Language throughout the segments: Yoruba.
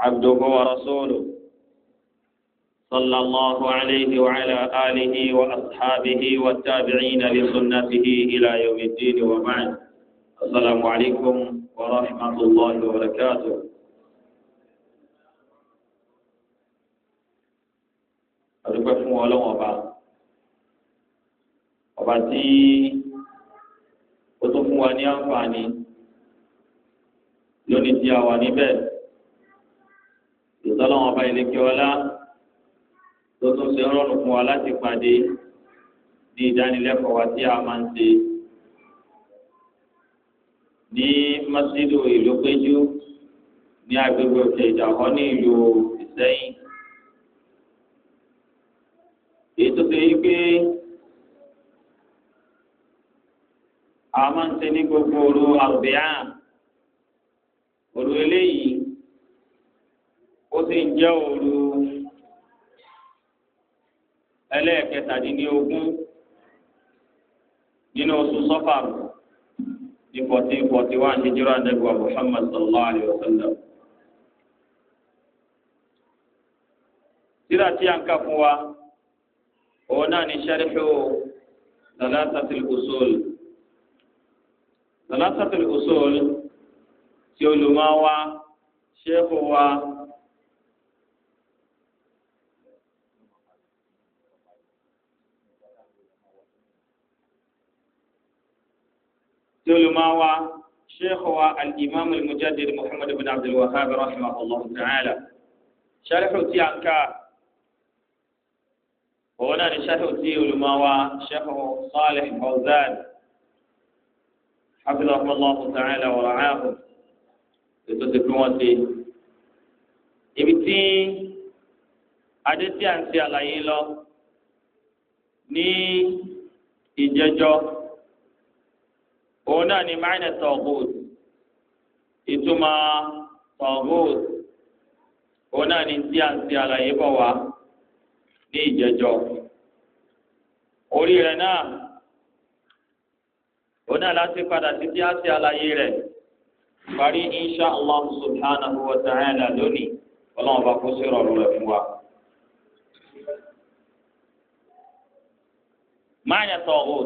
عبده ورسوله صلى الله عليه وعلى آله وأصحابه والتابعين لسنته إلى يوم الدين وبعد السلام عليكم ورحمة الله وبركاته adúpẹ́ fún ọlọ́wọ́n ọba ọba tí ó tó fún wa ní àǹfààní lónìí tí a wà níbẹ̀ tọ́lọ́wọ́n ọba ìlẹ́kẹ́ ọlá tó tún ṣe rọrùn fún wa láti pàdé ní ìdánilẹ́kọ̀ọ́ wa tí a máa ń ṣe ní masjidu ìlú péjú ní agbègbè òkè ìjàkọ́ ní ìlú ìsẹ́yìn. èyí ṣe yí pé a máa ń ṣe ní gbogbo òru àrùbíà òru eléyìí ó sì ń jẹ́ òru ẹlẹ́ẹ̀kẹtàdínlógún nínú oṣù sọ́fà ní forty forty one hijira nàgbà Muhammad sallallahu alayhi wa sallam. síra tí a ń kà fún wa òun náà ni sẹ́rífù salasatil usul salasatil usul tí olùmọ̀ wa ṣéèkù wa. شيخ هو الإمام المجدد محمد بن عبد الوهاب رحمه الله تعالى شرح عنك هنا شرح تي لولماوا شيخه صالح فوزان حفظه الله تعالى ورعاه لتتكون ibi أدتي عن tí a ní ìjẹjọ òun náà ni máìnà tọ̀gùd ìtumọ̀ tọ̀gùd òun náà ni tí a ń ti àlàyé bọ̀ wá ní ìjẹjọ orí rẹ̀ náà òun náà láti padà títí á ti àlàyé rẹ̀ parí insha allah subhanahu wa ta'ala lónìí ọlọ́run bá kó sí ìrọ̀rùn rẹ̀ fún wa. máìnà ìtumọ̀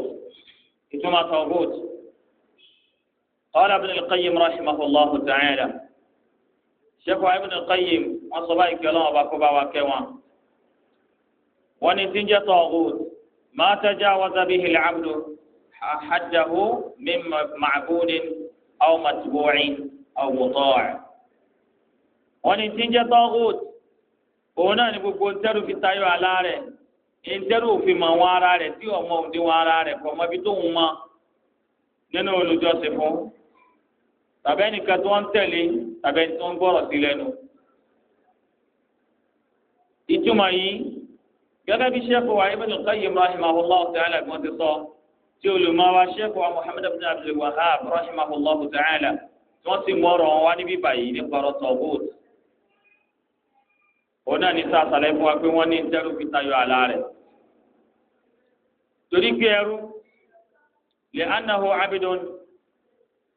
قال ابن القيم رحمه الله تعالى شيخ ابن القيم وصباي كلام باكوبا وكوا ونتيجة طاغوت ما تجاوز به العبد حده من معبود أو متبوع أو مطاع ونتيجة طاغوت هنا náà تروا في ntẹ́rù fi tayọ àlá rẹ̀ ntẹ́rù òfin mọ̀ wọn ara rẹ̀ tí ọmọ òdiwọ̀n ara rẹ̀ tàbí ẹnìkan tí wọ́n ń tẹ̀lé tàbí ẹni tí wọ́n ń gbọ́rọ̀ sí lẹ́nu. ìtumọ̀ yìí gẹ́gẹ́ bí sẹ́kù wa Ibn Qayyim rahimahullah ta'ala bí wọ́n ti sọ tí olùmọ̀wá sẹ́kù wa Muhammad ibn Abdul Wahhab rahimahullah ta'ala tí wọ́n ti mọ̀rọ̀ wọn wá níbí báyìí nípa ọ̀rọ̀ tọ̀gbọ́t. òun náà ní sáà fún wa pé wọ́n ní ìtẹ́rù fi tayọ àlá rẹ̀. torí pé ẹrú lè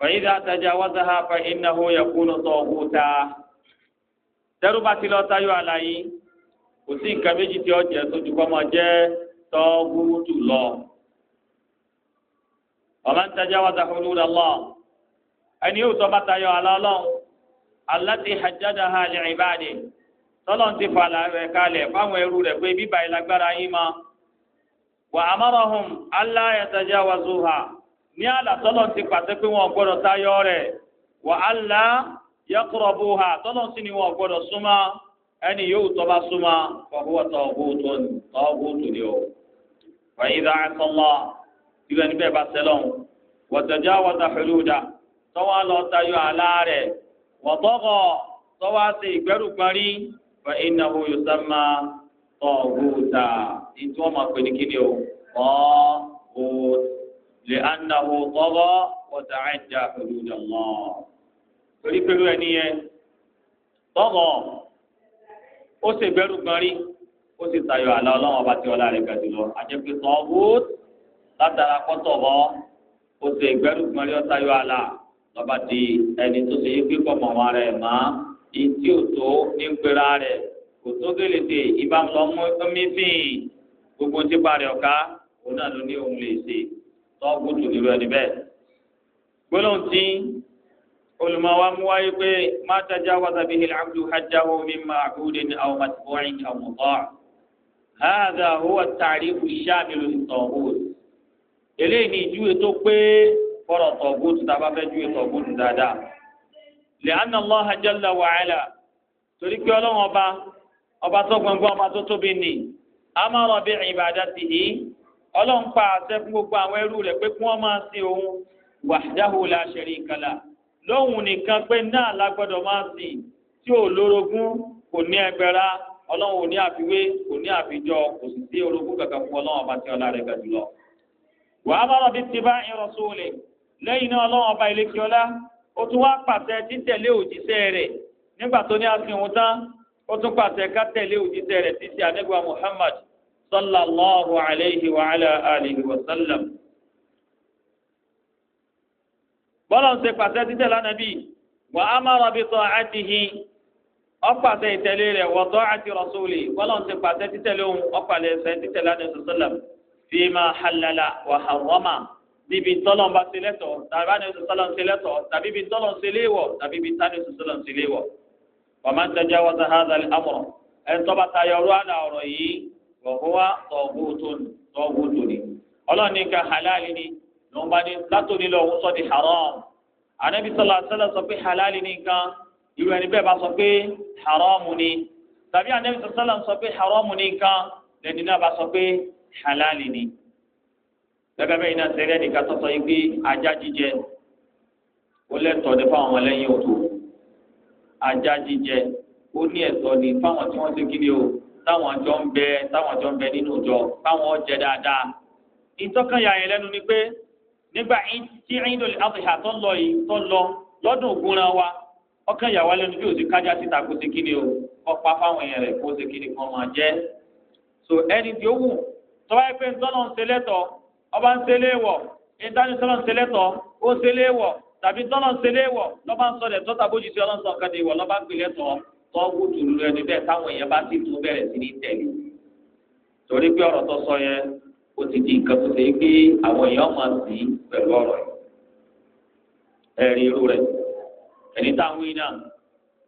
فإذا تجاوزها فإنه يكون طاغوتا tẹ́rùbá ti lọ táyọ̀ àlàyé kò sí nǹkan lọ. ọ̀la ń tajà wàzà hudud Allah ẹni tọ́lọ́n ti fà rẹ̀ kalẹ̀ fáwọn ẹrú rẹ̀ pé bíbá ìlágbára yín ma wa alla ní àlà tọ́lọ̀ ti pàṣẹ pé wọn gbọ́dọ̀ tayọ rẹ̀ wà á la yaqrabu ha tọ́lọ̀ sí ni wọn gbọ́dọ̀ súnmọ́ ẹni yóò tọ́ba súnmọ́ fọwọ́ tọ́ọ̀bù tó ní o. wàyí dá sọ́lọ́ ibẹ̀ níbẹ̀ bá sẹ́lọ̀ wọ́tẹ̀já wọ́tà hududa tọ́wọ́ lọ tayọ àlá rẹ̀ wọ́tọ́kọ̀ tọ́wọ́ sí ìgbẹ́rù parí لأنه طغى وتعدى حدود الله torí pẹ̀lú ẹni yẹn tọ́gọ̀ ó sì bẹ̀rù gan rí ó sì tayọ àlà ọlọ́run ọba tí ọlá rẹ̀ ga jùlọ àjẹpẹ́ tọ́gùt látara kọ́tọ̀bọ ó sì bẹ̀rù gan rí ó tayọ àlà lọ́ba di ẹni tó ṣe yé pé kọ́ mọ̀mọ́ rẹ̀ mọ́ ìtí ò tó ní pera rẹ̀ kò tó gèlèdè ìbámu lọ́mú mí fìn gbogbo tí parí ọ̀ká òun náà ló ní òun lè ṣe tọ́gùtù nírú ẹni bẹ́ẹ̀. gbólóhùn tí olùmọ̀wá mú wáyé pé má tajà wàtà bíi abdu hajjahu mimma àkúrẹ́ni àwọn màtìbọ́rin àwọn ọ̀tọ́. hàdà huwa tàrífù ṣáàmìlú tọ̀gùt. eléyìí ni ìjúwe tó pé fọ́rọ̀ tọ̀gùt tàbá fẹ́ júwe tọ̀gùt dáadáa. li'anna Allaha jalla wa ala torí pé ọlọ́wọ́n ọba ọba tó gbọ̀ngbọ́n ọba tó tóbi ni amara bi ibadatihi ọlọ́run pa àṣẹ fún gbogbo àwọn ẹrú rẹ̀ pé kí wọ́n máa sin òun wahdahu la sharika lah lóhun nìkan pé náà la gbọ́dọ̀ máa sìn tí ò lórogún kò ní ẹgbẹ́ra ọlọ́run ò ní àfiwé kò ní àfijọ kò sì sí orogún kankan fún ọlọ́run ọba tí ọlá rẹ̀ ga jùlọ. wa amara bittiba'i rasuli lẹ́yìn náà ọlọ́run ọba ilé kíọ́lá ó tún wá pàṣẹ títẹ̀lé òjíṣẹ́ rẹ̀ nígbà tó ní àsìn tán ó tún pàṣẹ ká tẹ̀lé òjíṣẹ́ rẹ̀ títí Muhammad صلى الله عليه وعلى آله وسلم بلان سيقاسة تتلى نبي وأمر بطاعته أقاسة تتلى وطاعة رسوله بلان سيقاسة تتلى أقاسة تتلى نبي صلى الله عليه فيما حلل وحرم níbi tọ́lọ̀ ń bá ṣe lẹ́tọ̀ tàbí àná ìṣòṣò tọ́lọ̀ ń ṣe lẹ́tọ̀ tàbí ibi tọ́lọ̀ ń ṣe léwọ̀ tàbí ibi tánà ìṣòṣò tọ́lọ̀ ń ṣe léwọ̀. wàmà ń tajà wọ́n ta hàn án àmọ̀ ẹ̀ ń wọ̀húwá tọ̀gùtù ni ọlọ́run ní ká halali ni ló ń bá ní látòlí lọ òun sọ di haram anabi sọlá sọlá sọ pé halali ni nǹkan irú ẹni bẹ́ẹ̀ bá sọ pé haram ni tàbí anabi sọlá sọ pé haram ni nǹkan lẹ́ni náà bá sọ pé halali ni gẹ́gẹ́ bẹ́ẹ̀ iná sẹ́rẹ́ nìkan tọ́tọ́ yìí pé ajá jíjẹ ó lẹ́tọ̀ọ́ ní fáwọn ọmọlẹ́yìn òtò ajá jíjẹ ó ní ẹ̀tọ́ ní fáwọn tí wọ́n ti kí ni o táwọn jọ ń bẹ táwọn jọ ń bẹ nínú ìjọ káwọn jẹ dáadáa ìtọ́kànyà yẹn lẹ́nu ni pé nígbà tí Eidul Adha tó lọ yìí tó lọ lọ́dún ògúnran wa ọkànyà wa lẹ́nu bí òsì kájà síta kó ṣe kíni o kọ́ pa fáwọn èèyàn rẹ̀ kó ṣe kíni kan máa jẹ́ so ẹni tí ó wù tọ́wá yẹ pé ntọ́nà ń ṣe lẹ́tọ̀ ọba ń ṣe léèwọ̀ ìtàníṣọ́nà ń ṣe lẹ́tọ̀ ó ń tàbí ntọ́nà ń ṣe léèwọ̀ kọ́ wútu lu ẹni bẹ́ẹ̀ táwọn èèyàn bá sì tún bẹ̀rẹ̀ sí ní tẹ̀lé torí pé ọ̀rọ̀ tó sọ yẹn ó ti di nǹkan tó ṣe é pé àwọn èèyàn máa sì pẹ̀lú ọ̀rọ̀ yìí ẹ̀rí irú rẹ̀ ẹni táwọn iná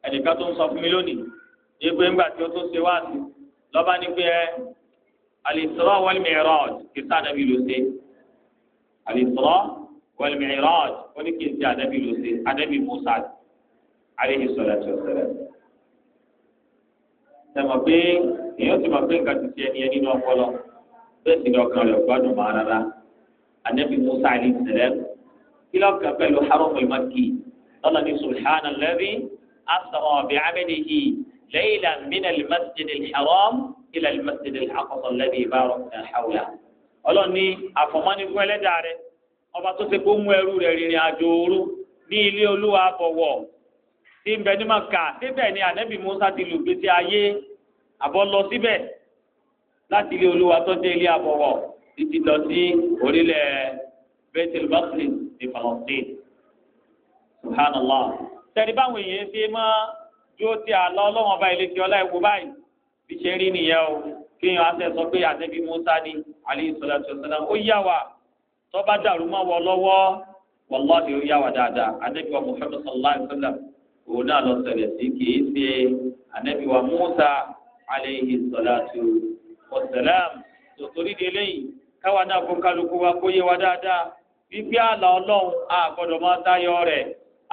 ẹnìkan tó ń sọ fún mi lónìí ní pé ńgbà tí ó tó ṣe wá sí lọ́ba ní pé ẹ al-Isra wal-Mi'raj kìsà nàbí ló ṣe al-Isra wal-Mi'raj ó ní kìsà nàbí ló ṣe ànábì Musa alayhi salatu wassalam sẹ́mọ̀ pé èèyàn ti mọ̀ pé nǹkan ti ṣe ẹni ẹni náà kọ́lọ̀ bẹ́ẹ̀ sì ni ọkàn rẹ̀ gbádùn mọ́ rárá anabi musa alayhi salam kí lọ́ọ̀kan pẹ̀lú haram al-makki lọ́nà ní subhana alladhi asra bi abdihi laylan min al-masjid al-haram ila al-masjid al-aqsa alladhi barakna hawla fún ẹlẹ́dàá rẹ̀ ọba tó ṣe kó mú ẹrú rẹ̀ rìnrìn àjò òru ní ilé olúwa bọ̀wọ̀ tí ń bẹ ní maka síbẹ̀ ni ànábì musa ti lù gbèsè ayé àbọ̀ lọ síbẹ̀ láti ilé olúwa tó dé ilé àbọ̀wọ̀ títí lọ sí orílẹ̀ bethel basley ní palestine subhanallah tẹ̀lé báwọn èèyàn ṣe mọ́ dúró tí a lọ ọlọ́wọ́n ọba ilé tí ọlá ẹ̀wò báyìí fi ṣe rí nìyẹn o kí èèyàn á sẹ́sọ pé ànábì musa ni alayhi salatu wassalam ó yá wa tó bá dàrú mọ́ wọ lọ́wọ́ wallahi ó yá wa dáadáa ànábì wa muhammad sallallahu alayhi wa sallam òun náà lọ ṣẹlẹ̀ sí kìí ṣe ànábì wa Musa aleyhi salatu wa salam tòtòrí de lẹ́yìn káwa náà kó kálukú wa kó yé wa dáadáa fífi àlà ọlọ́run a gbọ́dọ̀ máa tayọ rẹ̀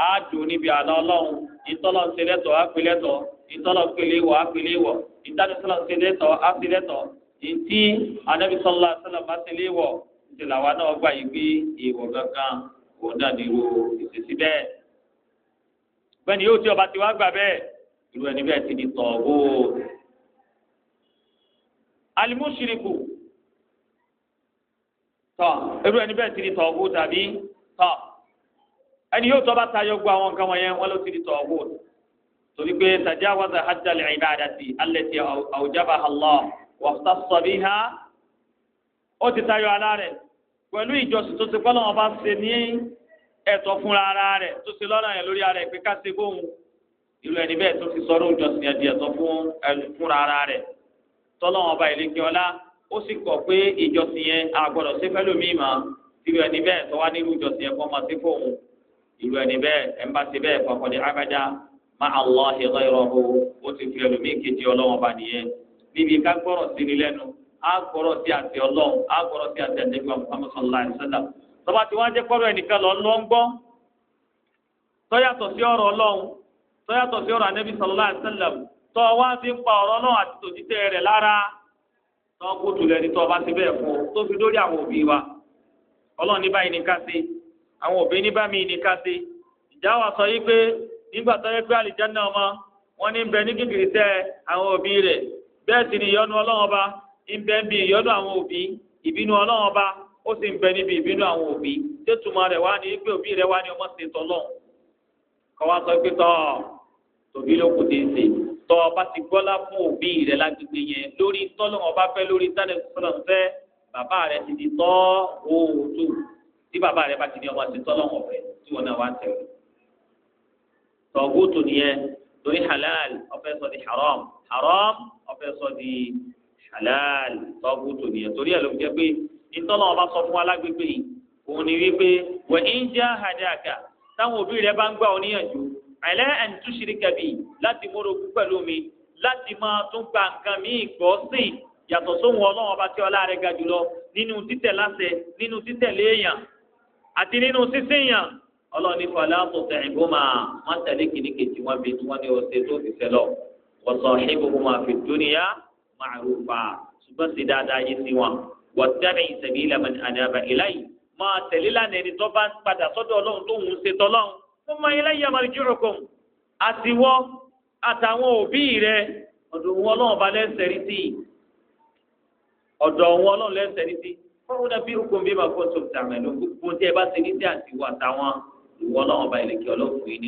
á dùn níbi àlà ọlọ́run ìtọ́lọ̀ ń ṣe lẹ́tọ̀ á pè lẹ́tọ̀ ìtọ́lọ̀ pèlè wọ̀ á pèlè wọ̀ ìtànísọ́lọ̀ ń ṣe lẹ́tọ̀ ìtí ànábì sallallahu alaihi bá ṣe wọ̀ ìṣẹ̀lẹ̀ náà gbà yí pé èèwọ̀ gangan òun dàdí ro ìṣesí bẹ́ẹ̀ fẹ́ni yóò tí ọba ti wá gbà bẹ́ẹ̀ irú ẹni bẹ́ẹ̀ ti di tọ̀wó. alimushiriku tọ̀ irú ẹni bẹ́ẹ̀ ti di tọ̀wó tàbí tọ̀ ẹni yóò tọ́ bá tayọ gbọ́ àwọn nǹkan wọ̀nyẹn wọ́n ló ti di tọ̀wó torí pé tajawaza hajjal ibadati allati awjabaha Allah wa ikhtassa biha ó ti tayọ alárẹ̀ pẹ̀lú ìjọsìn tó ti fọ́lọ́wọ́n bá ṣe ní ẹ̀tọ́ fúnra ara rẹ̀ tó ṣe lọ́nà yẹn lórí ara ẹ̀ pé ká ṣe bóun irú ẹni bẹ́ẹ̀ tó ti sọ̀rọ̀ òjọsìn ẹ̀dì ẹ̀tọ́ fúnra ara rẹ̀ tọ́lọ́wọ́n ọba ìlẹ́kẹ́ ọlá ó sì kọ̀ pé ìjọsìn yẹn àgbọ̀dọ̀ ṣe fẹ́ lómi ìmọ̀ irú ẹni bẹ́ẹ̀ tọ́wá nírú ìjọsìn yẹn máa ṣe fóun irú ẹni bẹ́ẹ̀ ẹ̀ bá ṣe bẹ́ẹ̀ kọ́kọ́ ní abájá má Allahi ghayrahu ó ti fi ẹlòmíì sallallahu tọ́ba tí wọ́n á jẹ́ kọ́rọ̀ ẹnìkan lọ lọ́ ń gbọ́ tọ́yàtọ̀ sí ọ̀rọ̀ ọlọ́run tọ́yàtọ̀ sí ọ̀rọ̀ anábì sallallahu wá fi ń pa ti fún tó fi lórí àwọn òbí wa ọlọrun ní báyìí ní àwọn òbí ní ní ìjà wa sọ yìí pé nígbà tó ọmọ wọn ní bẹ ní tẹ àwọn òbí rẹ bẹ́ẹ̀ sì ni ọba ń bẹ ń bi àwọn òbí ìbínú ọba ó sì ń bẹ níbi ìbínú àwọn òbí tí tùmọ̀ rẹ̀ wá ní pé òbí rẹ̀ wá ní ọmọ ṣe tọ́lọ̀ kọ́ wá sọ pé tọ́ tòbí ló kù dé ṣe tọ́ ọba ti gbọ́lá fún òbí rẹ̀ lágbègbè yẹn lórí tọ́lọ̀ ọba fẹ́ lórí tálẹ̀ sọ̀rọ̀ fẹ́ bàbá rẹ̀ ti di tọ́ òòtù tí bàbá rẹ̀ bá ti ní ọmọ ṣe tọ́lọ̀ ọ̀fẹ́ tí wọn náà wá tẹ̀lé tọ́gùtù nìyẹn torí halal ọ̀fẹ́ sọ di haram haram ọ̀fẹ́ sọ di halal tọ́gùtù nìyẹn torí ẹ̀ ló fi jẹ́ pé ìtọ́nà ọba sọ fún alágbègbè yìí òun ni wípé wẹ̀ ń jẹ́ àdáàkà táwọn òbí rẹ bá ń gbà ọ́ níyànjú àìlẹ́ ẹ̀ǹ tún ṣe kẹ̀bì láti múra ogún pẹ̀lú mi láti máa tún gba nǹkan míì gbọ́ sí yàtọ̀ sóhun ọlọ́run ọba tí ọlá rẹ̀ ga jùlọ nínú títẹ̀ láṣẹ nínú títẹ̀lé èèyàn àti nínú sísìn èèyàn ọlọ́ọ̀ni fàlẹ́ àtúntẹ̀ ìgbọ́mà má tẹ̀lé kìnnìkejì wọn bíi tí wọ́n ní ọ̀sẹ̀ tó fi fẹ́ lọ wọ́n sọ ṣé gbogbo máa fi dúnìyà máa rò ṣùgbọ́n sí dáadáa yìí sí wọn wọ́tẹ́rì ìsẹ̀bí ilẹ̀mọ̀ àdàbà ìláyì máa tẹ̀lé lánàá ẹni tó bá ń padà sọ́dọ̀ ọlọ́run tó ń ṣe tọ́lọ́run ó máa iláyà máa rí jùrọ̀ kàn àtiwọ́ àtàwọn òbí rẹ ọ̀dọ̀ wọn ọlọ́run bá lẹ́sẹ̀ rí sí i ọ̀dọ̀ wọn ọlọ́run lẹ́sẹ̀ rí sí i fọwọ́n náà bí okun bí máa fọ́tò tàmí ló gbogbo tí ẹ bá ṣe ní sí àtiwọ́ àtàwọn ìwọ ọlọ́run ọba ìlẹ̀kẹ́ ọlọ́run yìí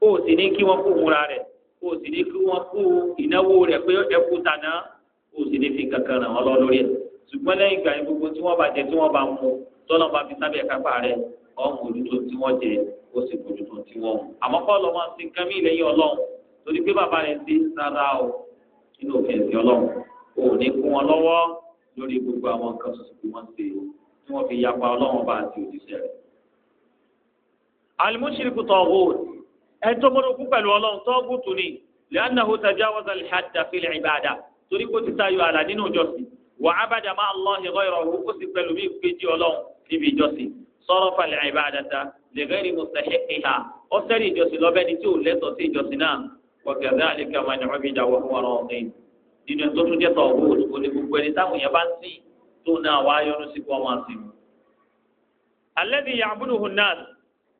o sì ní kí wọ́n kú múra rẹ̀ o sì ní kí wọ́n kú ìnáwó rẹ̀ pé ẹkú tàná o sì ní fi kankan ràn wọ́n lọ lórí ẹ̀ ṣùgbọ́n lẹ́yìn ìgbà yẹn gbogbo tí wọ́n bá jẹ tí wọ́n bá mú tọ́nà bá fi sábẹ́ kápá rẹ̀ ọ̀hún olùtò tí wọ́n jẹ ó sì bójútó tí wọ́n mú àmọ́ kọ́ lọ́mọ sí nǹkan lẹ́yìn ọlọ́run torí pé bàbá rẹ̀ ti sára o nínú òfin ẹ̀sìn ọlọ́run kò ní kún wọn lọ́wọ́ lórí gbogbo àwọn nǹkan tuntun tí wọ́n ṣe tí wọ́n fi yapa ọlọ́run bá àti òjíṣẹ́ rẹ̀. alimusiriku tọ́wọ́ ẹni tó mọ́tò kú pẹ̀lú ọlọ́run tó gùtù ni li'annahu tajawaza al-hadda fil ibada torí kó ti tayọ àlà nínú ìjọsìn wa abada ma'a Allahi ghayrahu ó sì pẹ̀lú mí péjì ọlọ́run níbi ìjọsìn sarafa al-ibadata li ghayri mustahiqiha ó sẹ́rí ìjọsìn lọ́bẹ̀ ni tí ò lẹ́tọ̀ọ́ sí ìjọsìn náà wa kadhalika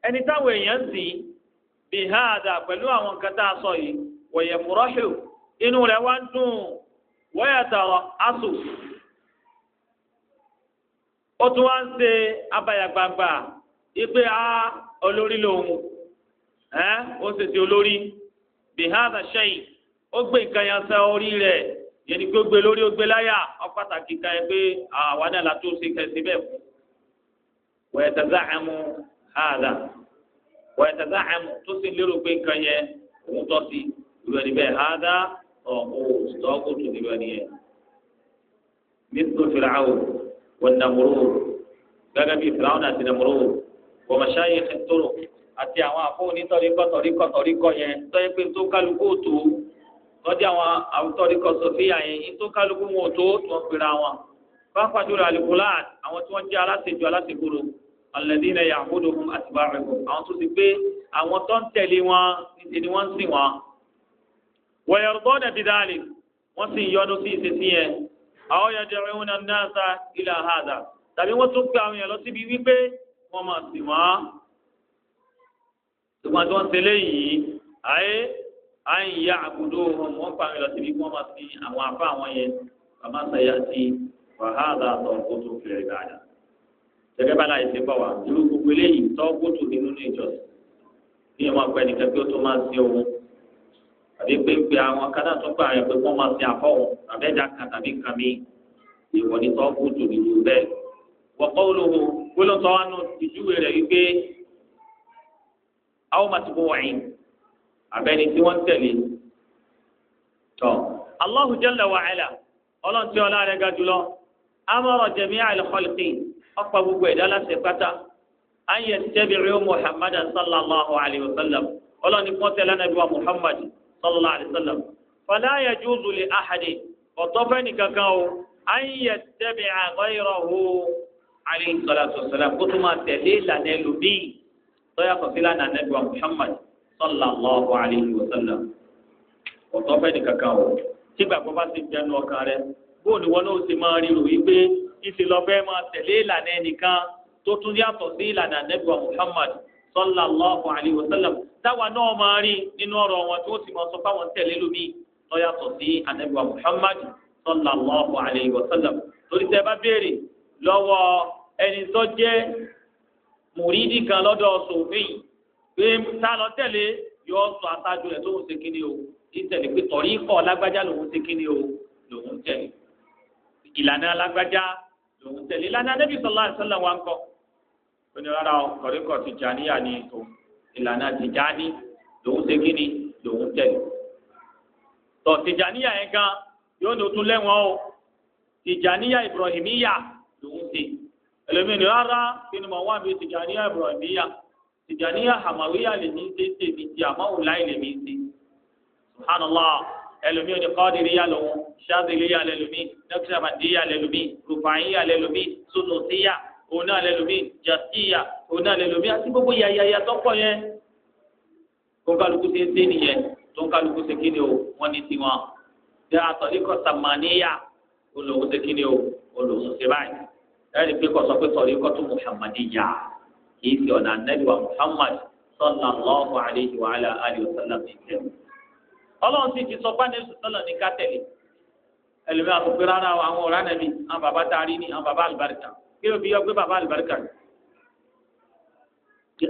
ẹni táwọn èèyàn sìn bihada pẹ̀lú àwọn nǹkan tá a sọ yìí inú rẹ̀ wá ń dùn wọ́yẹ̀tà asù ó tún wá ń ha abayàgbàgbà ipe a olórí lòun ẹ ó sì ti bihada ṣẹ́yìn ó yẹn sẹ orí rẹ yẹn pé lórí láyà ọ pàtàkì kan yẹn pé àwa náà la tó kẹsì fún wọ́n ẹ̀sẹ̀ sáà ẹ̀mú tó sì lérò pé nǹkan yẹn òun tọ́ sí ìlú ẹni bẹ́ẹ̀ hádá ọ̀hún sọ́ọ́kù tó ìlú ẹni yẹn. mísú fìràwọ̀ wọn nàmúrò gẹ́gẹ́ bíi fìràwọ̀ àti nàmúrò wọ́n mọ̀ṣáyé tóró àti àwọn àfọwọ́ni tọ́ríkọ́ tọ́ríkọ́ tọ́ríkọ́ yẹn tọ́yẹ pé tó kálukú tó tọ́jú àwọn àwùtọ́ríkọ́ sọfíà yẹn tó kálukú wọn tó tó ń pera wọn. bá pàjùlọ àlùkò láàd alẹ́dínlẹ̀ yahudu fún àtibáre wọn àwọn tó ti gbé àwọn tó ń tẹ̀lé wọn níṣẹ́ ni wọ́n ń sìn wọn. wọ̀yọ̀rọ̀gbọ́ dàbí dáàlì wọ́n sì ń yọnu sí ìṣesí yẹn àwọn yẹn jẹ́ ìwọ̀n náà náà sa ilẹ̀ àhàdà tàbí wọ́n tún gbé àwọn yẹn lọ síbi wípé wọ́n máa sìn wọ́n. ṣùgbọ́n tí wọ́n ṣe léyìí ayé ayé ìyá àbúdó wọn pa àwọn yẹn lọ máa sin àwọn afá àwọn yẹn gẹ́gẹ́ bá láyé ṣe bá wa irú gbogbo eléyìí tọ́ gbódò nínú ìjọsìn bí ẹ máa nìkan pé ó tó máa ṣe òun àbí pé pé àwọn kádà tó gbà yẹn pé wọ́n máa ṣe àfọ̀wọ̀n tàbí ẹ̀dá kan tàbí nǹkan mi ìwọ ni tọ́ gbódò nínú bẹ́ẹ̀. wọ́pọ̀ olówó gbólóńtọ́ wa nù ìjúwe rẹ̀ wípé àwọn máa ti bọ̀ wọ̀nyí abẹ́ni tí wọ́n tẹ̀lé tọ́ Allahu jalla wa ọlọ́ntì ọlá rẹ̀ ga jùlọ amara jami'a al-khalqin ọ̀pọ̀ gbogbo ẹ̀dá láṣẹ pátá ayé tẹ́bìrì muhammad sallallahu alayhi wa sallam ọlọ́ni pọ́ńtẹ́ lánàbí wa muhammad sallallahu alayhi wa sallam fala yajuzu li ahadi ọ̀tọ́ fẹ́ni kankan o ayé tẹ́bìrì ghayrahu alayhi salatu wa sallam kó tó máa tẹ̀lé ìlànà ẹlòmíì tọ́yà kọ̀sílá nànàbí wa muhammad sallallahu alayhi wa sallam ọ̀tọ́ fẹ́ni kankan o tí gbàgbọ́ bá ti ọkàn rẹ bóòlù wọn náà ti máa rí rò wípé ìṣe lọ fẹ́ máa tẹ̀lé ìlànà ẹnìkan tó tún yàtọ̀ sí ìlànà ànábì Muhammad sallallahu alayhi wa sallam táwa náà máa rí nínú ọ̀rọ̀ wọn tó sì máa sọ fáwọn tẹ̀lé lómi lọ yàtọ̀ sí ànábì Muhammad sallallahu alayhi wa sallam torí tẹ́ bá béèrè lọ́wọ́ ẹni tó jẹ́ mùrídì kan lọ́dọ̀ sòfin pé tá lọ tẹ̀lé yọ sọ àtàjù rẹ̀ tó ń ṣe kíni o ìtẹ̀lé pé tọ̀rí kọ̀ lágbájá lòún ṣe kíni o lòún tẹ̀lé ìlànà lágbájá lòun tẹ̀lé lánàá nẹ́bí sọlá ìsọlá wa ń kọ́ ó ní rárá kọ̀ríkọ̀ Tìjàníyà ni tòun ìlànà Tìjàní lòun ṣe kí ni lòun tẹ̀lé tọ̀ Tìjàníyà yẹn gan yóò ní o tún lẹ́wọ̀n o Tìjàníyà Ibrahimiya lòun ṣe ẹlòmínì rárá kí ni mo wá mi Tìjàníyà Ibrahimiya Tìjàníyà Hamawiya lèmi ń ṣe tèmi ti àmọ́ òun láì lèmi ń ṣe subhanallah ẹlòmí ò ní kọ́ọ̀dìrì yà lòun ṣáàdìrì yà lẹ́lòmí nọ́kìsàmàdì yà lẹ́lòmí rùfàáyì yà lẹ́lòmí sunùsíyà òun náà lẹ́lòmí jàsíyà òun náà lẹ́lòmí àti gbogbo yàyàyà tó pọ̀ yẹn tó ń kálukú ṣe ń ṣe nìyẹn tó ń kálukú ṣe kíni o wọ́n ní tiwọn dá àtọ̀líkọ̀ sàmàníyà olówó ṣe kíni o olówó ṣe báyìí ẹ̀rí pé kọ̀ ọlọ́run sì ti sọ bá nẹ́sùn sọ́lọ̀ ní ká tẹ̀lé ẹlòmíì àtòkè rárá o àwọn ọ̀rá nàbí àwọn bàbá tá a rí ni àwọn bàbá àlùbáríkà kí ló fi yọ pé bàbá àlùbáríkà ni.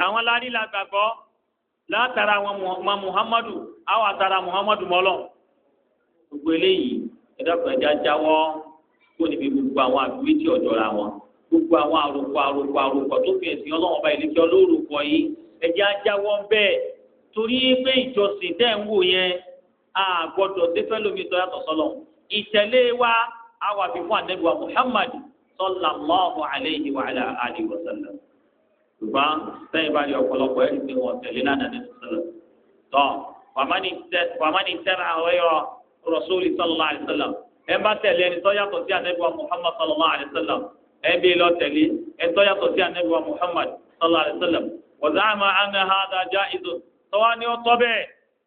àwọn láàrin la gbàgbọ́ látara àwọn mọ muhammadu àwọn àtara muhammadu mọ́lọ́ gbogbo eléyìí ẹ̀dọ́kùn ẹ̀já jáwọ́ kó níbi gbogbo àwọn àdúgbò tí ọ̀dọ́ra wọn gbogbo àwọn àròkọ àròkọ àròkọ tó fi ẹ̀sìn ọlọ́wọ́n bá ìlẹ́kẹ́ ọlọ́rùkọ yìí ẹ̀já jáwọ́ bẹ́ẹ̀ torí pé ìjọsìn tẹ́ ń wò yẹn àgbọ̀dọ̀ sífẹ́ lómi tó yàtọ̀ sọ́lọ̀ ìtẹ̀lé wa àwa fi fún ànábì wa Muhammad sallallahu alayhi wa ala alihi wa sallam ṣùgbọ́n sẹ́yìn bá rí ọ̀pọ̀lọpọ̀ ẹ̀rí pé wọ́n tẹ̀lé lánàá ní sọ́lọ̀ tọ́ wàmánì tẹ́ra ọ̀rẹ́yọ rọ̀ṣúlì sallallahu alayhi wa sallam ẹ bá tẹ̀lé ẹni tó yàtọ̀ sí ànábì wa Muhammad sallallahu alayhi wa sallam ẹ bí lọ tẹ̀lé ẹ tó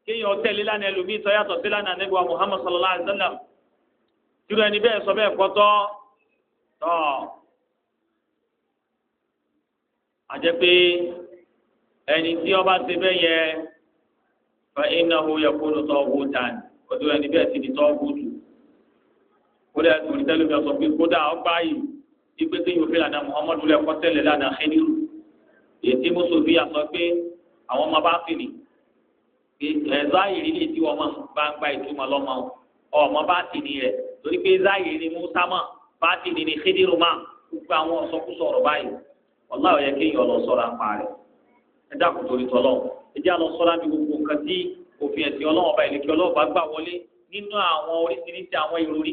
kéèyàn tẹ̀lé lánàá ẹlòmíì tó yàtọ̀ sí lánàá níbi wa Muhammad sallallahu alayhi wa sallam tìrọ ẹni bẹ́ẹ̀ sọ bẹ́ẹ̀ kọ́tọ́ tọ́ àjẹ́ pé ẹni tí ọba ti bẹ́ẹ̀ yẹ fa innahu yakunu taghutan ọdún ẹni bẹ́ẹ̀ ti di tọ́gùtù kódà ẹ̀sùn ìtẹ́lómi ọ̀sọ̀ pé kódà ọgbà yìí ìgbé tí yóò fi lànà Muhammadu lẹ́kọ́ tẹ́lẹ̀ lànà xẹ́nìrù ètí mùsùlùmí àsọ pé àwọn ọmọ bá fi zahiri ni tí wọ́n mọ̀ bá ń gba ìtumọ̀ lọ́mọ o ọmọ bá ti ní rẹ̀ torí pé zahiri ni musa mọ̀ bá ti ní ní khidiru mọ̀ gbogbo àwọn ọ̀sọ́kúsọ ọ̀rọ̀ báyìí wallahi yẹ kéèyàn lọ sọ́ra ń pa rẹ̀ ẹ dákun torí tọ́lọ́ ẹ jẹ́ àlọ́ sọ́ra bí gbogbo nǹkan tí òfin ẹ̀sìn ọlọ́wọ́n ọba ìlẹ̀kẹ́ ọlọ́wọ́ bá gbà wọlé nínú àwọn oríṣiríṣi àwọn ìròrí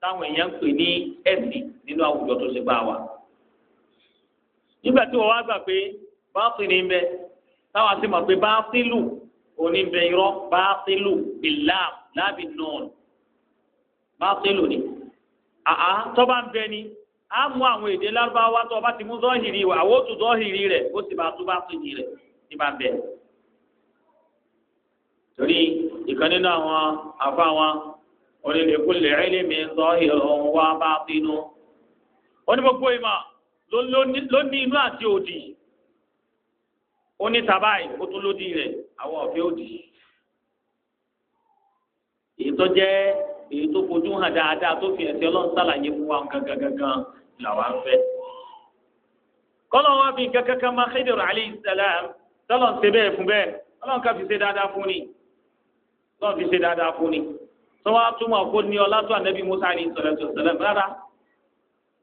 táwọn èèyàn ń pè ní ẹ̀sìn oníbẹ̀ irọ́ báàtìlù bìlám lábì nọ́ọ̀nù báàtìlù ni àá tọ́ba ń bẹ ni á mú àwọn èdè lárúbáwá tó ọba ti mú zọ́hìrì wà àwọn òtún zọ́hìrì rẹ̀ ó sì bá tún báàtìlì rẹ̀ ní bá ń bẹ. torí ìkan nínú àwọn àfa wọn onílẹ̀kùnlé ẹlẹ́mì zọ́hìrì ọ̀hún wá báàtìlù ó ní gbogbo ìmọ̀ ló ní inú àti òdì ó ní tàbá yìí ó tún lódì rẹ̀ àwọn ọ̀fẹ́ òdì èyí tó jẹ́ èyí tó fojú hàn dáadáa tó fi ẹ̀sẹ̀ ọlọ́run sàlàyé fún wa gangan gangan làwa ń fẹ́ kọ́lọ́ wa fi kankankan máa Khidir alayhi salam tọ́lọ̀ ń ṣe bẹ́ẹ̀ fún bẹ́ẹ̀ ọlọ́run ká fi ṣe dáadáa fún ni ọlọ́run fi ṣe dáadáa fún ni tó wá túmọ̀ kó ní tó ànábì Musa alayhi salatu wassalam rárá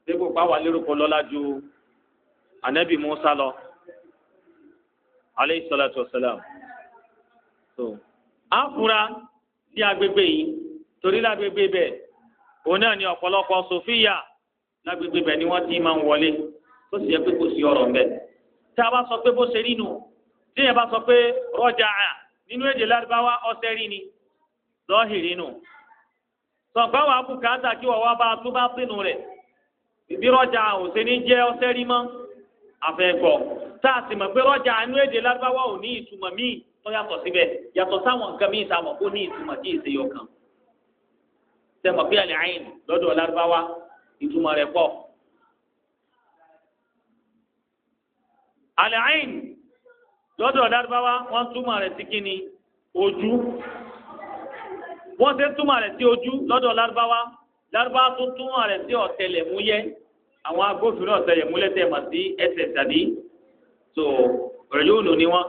dépò pàwọ́ alérò kọ́ ju ànábì Musa lọ aleyhi salatu wa salam so à ń fura sí agbègbè yìí torí lágbègbè bẹ́ẹ̀ òun náà ni ọ̀pọ̀lọpọ̀ sofiya lágbègbè bẹ́ẹ̀ ni wọ́n ti máa ń wọlé tó sì yẹ pé kò sí ọ̀rọ̀ mbẹ́ tá a bá sọ pé bó ṣe rí nù tí yẹn bá sọ pé rọjà à nínú èdè lárúbáwá ọsẹ rí ni lọ́hìrì nù sọ̀gbọ́n wàá kí wọ́n wá bá a tún bá pinnu rẹ̀ ìbí rọjà ò ṣe ní jẹ́ ọsẹ rí afẹ́gbọ́ tá a sì mọ̀ pé rọ́jà inú èdè lárúbáwá ò ní ìtumọ̀ míì tó yàtọ̀ síbẹ̀ yàtọ̀ sáwọn nǹkan míì tá a mọ̀ kó ní ìtumọ̀ tí èsè yọ kan sẹ́mọ̀ pé àlẹ́ àyìn lọ́dọ̀ lárúbáwá ìtumọ̀ rẹ̀ pọ̀. àlẹ́ àyìn lọ́dọ̀ lárúbáwá wọ́n túmọ̀ rẹ̀ sí kíni ojú wọ́n ṣe túmọ̀ rẹ̀ sí ojú lọ́dọ̀ lárúbáwá lárúbáwá tó túmọ̀ rẹ̀ sí ọ̀tẹlẹ̀múyẹ́ àwọn agbófinró ọ̀sẹ̀ yẹ̀ múlẹ̀ tẹ̀ mà sí ẹsẹ̀ tàbí tó ọ̀yọ́nù ni wọ́n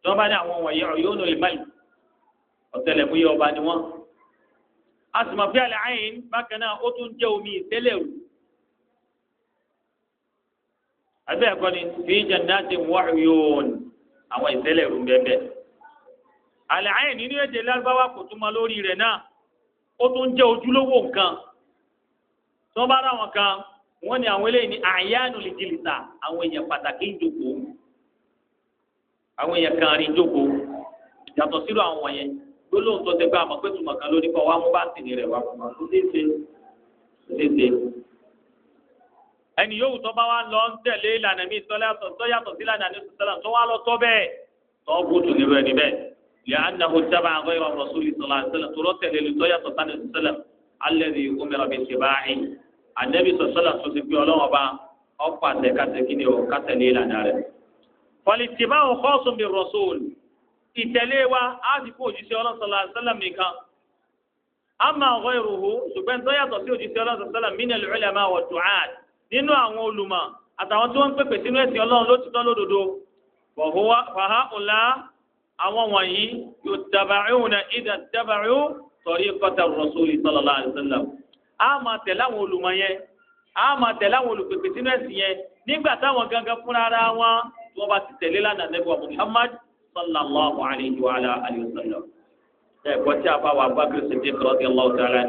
tí wọ́n bá ní àwọn wọ̀nyí ọ̀yọ́nù lè máyì ọ̀tẹlẹ̀múyẹ́ ọba ni wọ́n. asùmọ̀fí àlẹ́ àyìn bákan náà ó tún jẹ́ omi ìtẹ́lẹ̀ rù àbí ẹ̀kọ́ ni fi jannati wa'yun àwọn ìtẹ́lẹ̀ rù bẹ́ẹ̀ àlẹ́ àyìn nínú tó bá ra wọn kan wọ́n ní àwọn eléyìí ní àyánu lè jìlìtà àwọn èèyàn pàtàkì ń jókòó àwọn èèyàn kan rí ń jókòó yàtọ̀ sílò àwọn wọ̀nyẹn gbólóhùn tó ti gbá àmọ́ pé tùmọ̀ kan lórí kọ́ wa mú bá sì ní rẹ̀ wá fún wa ló déédéé déédéé. ẹni yóò tó bá wa lọ ń tẹ̀lé ìlànà mi tó yàtọ̀ sí ìlànà nípa sọ́lá tó wá lọ tọ́ bẹ́ẹ̀ tó bùtù nírú ẹni bẹ́ẹ̀ lẹ́yìn anáhùn sábà àwọn ìwà rọ̀ sólì sọ́lá tó lọ tẹ̀lé ìlú tó yàtọ̀ sálẹ̀ alẹ́bi omira bíi ṣèbáàì ànẹ́bí sọ̀sọ́là tó ti gbé ọlọ́wọ́n bá ọ̀pọ̀ àtẹ kásẹ̀kínni o kásẹ̀lé ìlànà rẹ̀. fọlìtìmá ò kọ́sùn mi rọ̀sùn ìtẹ̀lé wa á ti kó òjíṣẹ́ ọlọ́sọ̀lá sẹ́lẹ̀ nìkan. a máa ń rọ ìrùhù ṣùgbọ́n tó yàtọ̀ sí òjíṣẹ́ ọlọ́sọ̀lá mínẹ̀lì ọ̀lẹ́mà wọ̀ dùhàn nínú àwọn olùmọ̀ àtàwọn tí wọ́n ń pèpè sínú ẹ̀sìn ọlọ́run ló tariqata rasuli sallallahu alaihi wasallam á máa tẹ̀lé àwọn olùmọ̀ yẹn á máa tẹ̀lé àwọn olùpèpè sínú ẹ̀sìn yẹn nígbà táwọn gangan fúnra ara wọn tí wọ́n bá ti tẹ̀lé lánàá nẹ́bí Muhammad sallallahu alaihi wa ala alihi wasallam. ẹ̀kọ́ tí a bá wà bá kiri sèdè radiyallahu ta'ala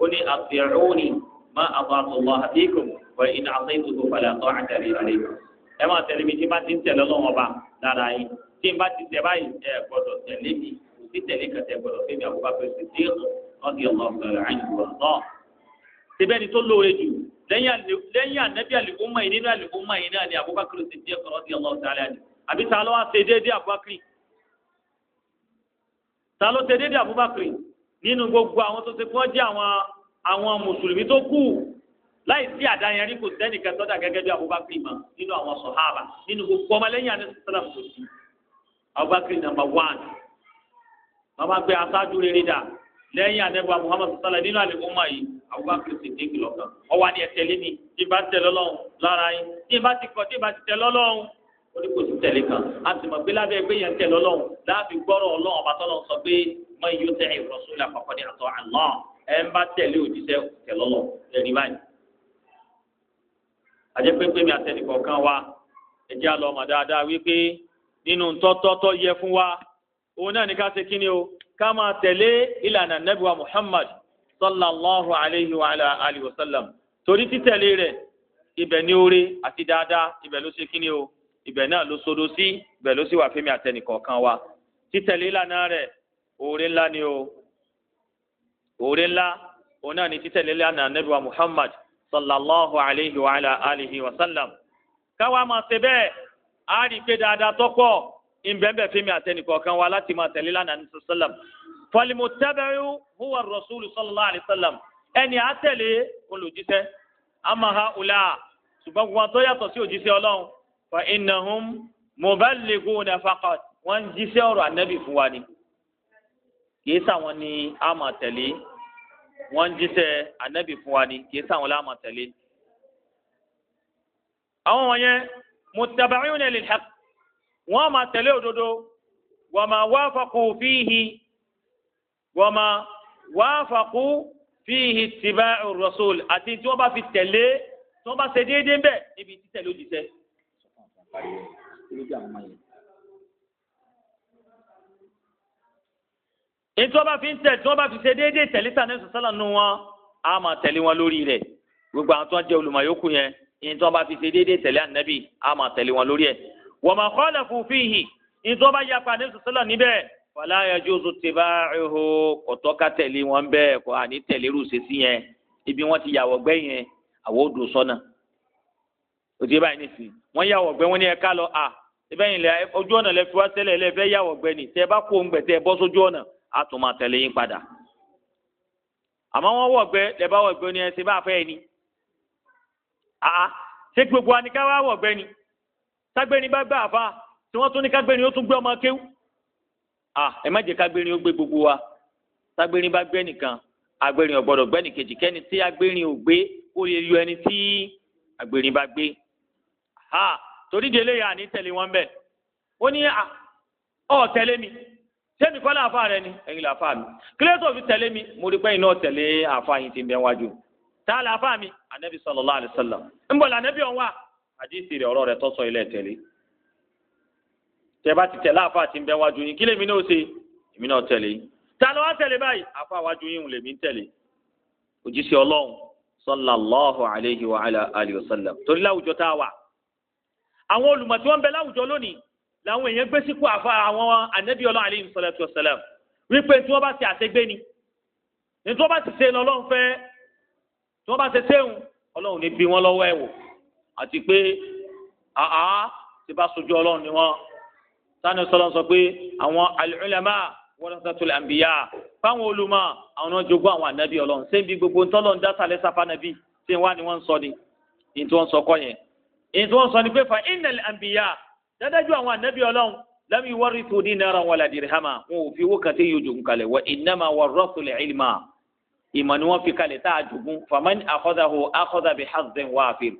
ó ní àfihàn ma ata'tullaha fikum wa in asaytuhu fala ta'ata li alaykum ẹ máa tẹ̀lé mi tí n bá ti ń tẹ̀lé lọ́wọ́ bá dára yìí tí n bá ti tẹ̀ báyìí ẹ gbọ́dọ̀ tẹ̀lé mi títẹ̀lé kẹtẹ gbọdọ̀ fẹ́mi Abubakar Siddiq radiyallahu ta'ala anhu náà. síbẹ̀ ni tó lóore jù lẹ́yìn ànábì àlùkùnmọ̀ yìí nínú àlùkùnmọ̀ yìí náà ni Abubakar Siddiq radiyallahu ta'ala anhu. àbí ta ló wá ṣe déédéé Abubakar ta ló ṣe déédéé Abubakar nínú gbogbo àwọn tó ṣe fún ọjọ́ àwọn àwọn mùsùlùmí tó kù láì sí àdáyẹrí kò sẹ́nìkan tọ́jà gẹ́gẹ́ bí Abubakar mọ̀ nínú àwọn sọ̀hábà nínú gbogbo ọmọlẹ́yìn àdéhùn sọ́dà kò sí Abubakar nàmbà wáàdì bàbá pé aṣáájú rere dà lẹ́yìn àdẹ́gbà muhammadu sallallahu nínú àlẹ́kùnmá yìí abubakar siddiq lọ́kàn ọwọ́ adìẹ tẹ̀lé mi tí bá tẹ̀ lọ́lọ́run lára yín tí bá ti kọ̀ tí bá ti tẹ̀ lọ́lọ́run ó ní kò sí tẹ̀lé kan a sì mọ̀ pé lábẹ́ ẹgbẹ́ yẹn tẹ̀ lọ́lọ́run láàbí gbọ́rọ̀ ọlọ́run ọba tọ́lọ́run sọ pé man yuti' rasula faqad ata Allah ẹ̀ ń bá tẹ̀lé òjíṣẹ́ tẹ̀ lọ́lọ́run ẹ̀rí òun náà ní ká ṣe kíni o ká máa tẹ̀lé ìlànà nẹ́bíwá muhammad sallallahu alayhi wa alayhi wa sallam torí títẹ̀lé rẹ̀ ibẹ̀ ní oore àti dáadáa ibẹ̀ ló ṣe kíni o ibẹ̀ náà ló sodo sí ibẹ̀ ló sì wà fẹ́mi àtẹnìkọ̀ọ̀kan wa títẹ̀lé ìlànà rẹ̀ oore ńlá ni o oore ńlá òun náà ní títẹ̀lé ìlànà nẹ́bíwá muhammad sallallahu alayhi wa alayhi wa sallam káwa máa ṣe bẹ́ẹ̀ á rí i pé dáadáa tó ìbẹ́ẹ̀bẹ́ fẹ́mi àtẹnìkọ̀ọ̀kan wa láti máa tẹ̀lé lánàá ní sọ́sọ́làm falimutabi'u huwa rasulu sallallahu alayhi sallam ẹni àtẹ̀lé olùjíṣẹ́ amaha ula ṣùgbọ́n gbogbo àtọ́ yàtọ̀ sí òjíṣẹ́ ọlọ́run fa innahum muballighuna faqat wọ́n jíṣẹ́ ọ̀rọ̀ ànábì fún wa ni kìí sáwọn ni a máa tẹ̀lé wọ́n jíṣẹ́ ànábì fún wa ni kìí sáwọn la máa tẹ̀lé. àwọn wọ̀nyẹn muttabi'una lil haqq wọ́n máa tẹ̀lé òdodo wa ma wafaqu fihi wa ma wafaqu fihi ittiba'u rasul àti tí wọ́n bá fi tẹ̀lé tí wọ́n bá ṣe déédéé ń bẹ̀ níbi títẹ̀lé òjíṣẹ́. ètò ọba fi ń tẹ̀ tí wọ́n bá fi ṣe déédéé tẹ̀lé tàn ní sọ́sọ́là nù wọn á máa tẹ̀lé wọn lórí rẹ̀ gbogbo àwọn tó ń jẹ́ olùmọ̀ yòókù yẹn ètò ọba fi ṣe déédéé tẹ̀lé ànábì á máa tẹ̀lé wọn lórí ẹ̀ wa ma khalafu fihi ìjọba yapa ní sọ́sọ́lọ̀ níbẹ̀ fala yajuzu tiba'uhu kò tọ́ka tẹ̀lé wọn bẹ́ẹ̀ kò àní tẹ̀lé irú sèṣì yẹn ibi wọn ti yàwọ̀ gbẹ́ yẹn àwọn odò sọ́nà òtí báyìí nìsí wọn yàwọ̀ gbẹ́ wọn ni ẹ ká lọ à ibẹ̀ yìí lẹ ojú ọ̀nà lẹ fi wá tẹ́lẹ̀ lẹ fẹ́ yàwọ̀ gbẹ́ ni tẹ bá kó ń gbẹ tẹ bọ́ sójú ọ̀nà á tún máa tẹ̀lé yín padà àmọ́ wọn wọ̀ gbẹ́ lẹ bá wọ̀ gbẹ́ ni ẹ ti bá fẹ́ ni àá ṣé gbogbo àníká wọ̀ gbẹ́ ni tágbérin bá gbà àfa tí wọ́n tún ní kágbérin ó tún gbé ọmọ kéwú à ẹ má jẹ́ kágbérin ó gbé gbogbo wa tágbérin bá gbé nìkan agbérin ọ̀gbọ́dọ̀ gbé nìkejì kẹ́ni tí agbérin ò gbé ó lè yọ ẹni tí agbérin bá gbé ha torí délé yà ní tẹ̀lé wọn bẹ́ẹ̀ ó ní à ọ̀ tẹ̀lé mi sẹ́mi kọ́lá àfa rẹ ni ẹ̀yin là àfa mi kílẹ̀tọ̀ fi tẹ̀lé mi mo rí pẹ́yìn náà tẹ̀lé àfa yìí ti ń bẹ́ wájú tá a là àfa mi anabi sallallahu alaihi wasallam ń bọ̀ lànàbí ọ̀hún wa àdìsí rẹ̀ ọ̀rọ̀ rẹ̀ tọ́sọ ilẹ̀ tẹ̀lé tẹ bá ti tẹ̀lé àfa àti nbẹ wájú yín kí lèmi náà ṣe èmi náà tẹ̀lé yín ta ló wá tẹ̀lé báyìí àfa wájú yín ń lèmi tẹ̀lé òjíṣẹ́ ọlọ́run sallallahu alayhi wa ala alihi wa sallam torí láwùjọ tá a wà àwọn olùmọ̀ tí wọ́n ń bẹ láwùjọ lónìí làwọn èèyàn gbé síkú àfa àwọn ànábì ọlọ́run alayhi salatu wa sallam wípé tí wọ́n bá ti àṣegbé ni ní tí wọ́n bá ti ṣe lọ́lọ́run fẹ́ tí wọ́n bá ṣe séhun ọlọ́run ní bí wọ́n lọ́wọ́ ẹ̀ wò àti pé àá ti bá sojú ọlọ́run ni wọ́n sani sọlọ sọ pé àwọn al-ulama warasatul anbiya fáwọn olùmọ̀ àwọn náà jogún àwọn ànábì ọlọ́run sẹ́ńbi gbogbo ntọ́lọ́ ń dáta lẹ́sàfà nàbí tí wọ́n ni wọ́n ń sọ ni èyí tí wọ́n ń sọ kọ́ yẹn èyí tí wọ́n sọ ni pé fa innal anbiya dádájú àwọn ànábì ọlọ́run lam yuwarrithu dinaran wala dirhama wọn ò fi owó kàtẹ́ yóò jogún kalẹ̀ wa ìmọ̀ ni wọ́n fi kalẹ̀ tá a jogún famani akọ́dàhó akọ́dàbí hazen wáfin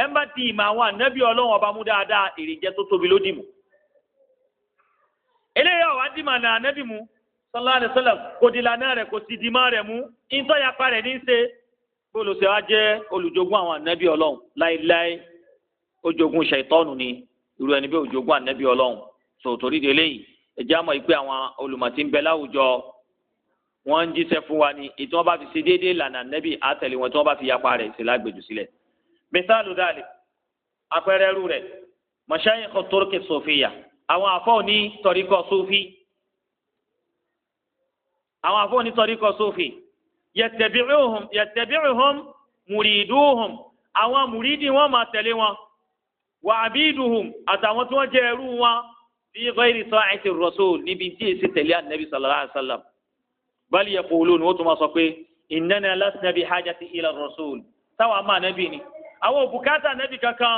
ẹ̀ ń bá ti ìmọ̀ àwọn ànábì ọlọ́run ọba mú dáadáa èrèjẹ tó tóbi ló dì mú. eléyà wà á dì mà náà ànábì mú sallallahu alaihi wasallam kò di lànà rẹ̀ kò sì di má rẹ̀ mú ìtọ́yàpá rẹ̀ ní ṣe bólúṣe wa jẹ́ olùjogún àwọn ànábì ọlọ́run láéláé ojogun ṣàìtọ́nù ni irú ẹni bí ojogun ànábì ọlọ́run sòtòrí de wọ́n ń jíṣẹ́ fún wa ni ètò wọn bá fi ṣe déédéé lànà nẹ́bí àtẹ̀lé wọn tí wọ́n bá fi yapa rẹ̀ ṣe lágbèjù sílẹ̀. mẹ́sàlù dàlẹ́ apẹ̀rẹ̀ rú rẹ̀ mọ̀ṣáyìn kan tóró kẹ àwọn àfọ̀ ní tọ̀ríkọ̀ sófì àwọn àfọ̀ ní tọ̀ríkọ̀ sófì yẹtẹ̀bíhùn yẹtẹ̀bíhùn mùrìdùhùn àwọn mùrìdì wọn máa tẹ̀lé wọn wà àbídùhùn àtàwọn tí wọ́n jẹ́ ẹrú wọn bí bali yaqulun wọ́n tún máa sọ pé innana lasna bi hajati ila rasul táwọn àmà ànábì ni àwọn òbúkátà ànábì kankan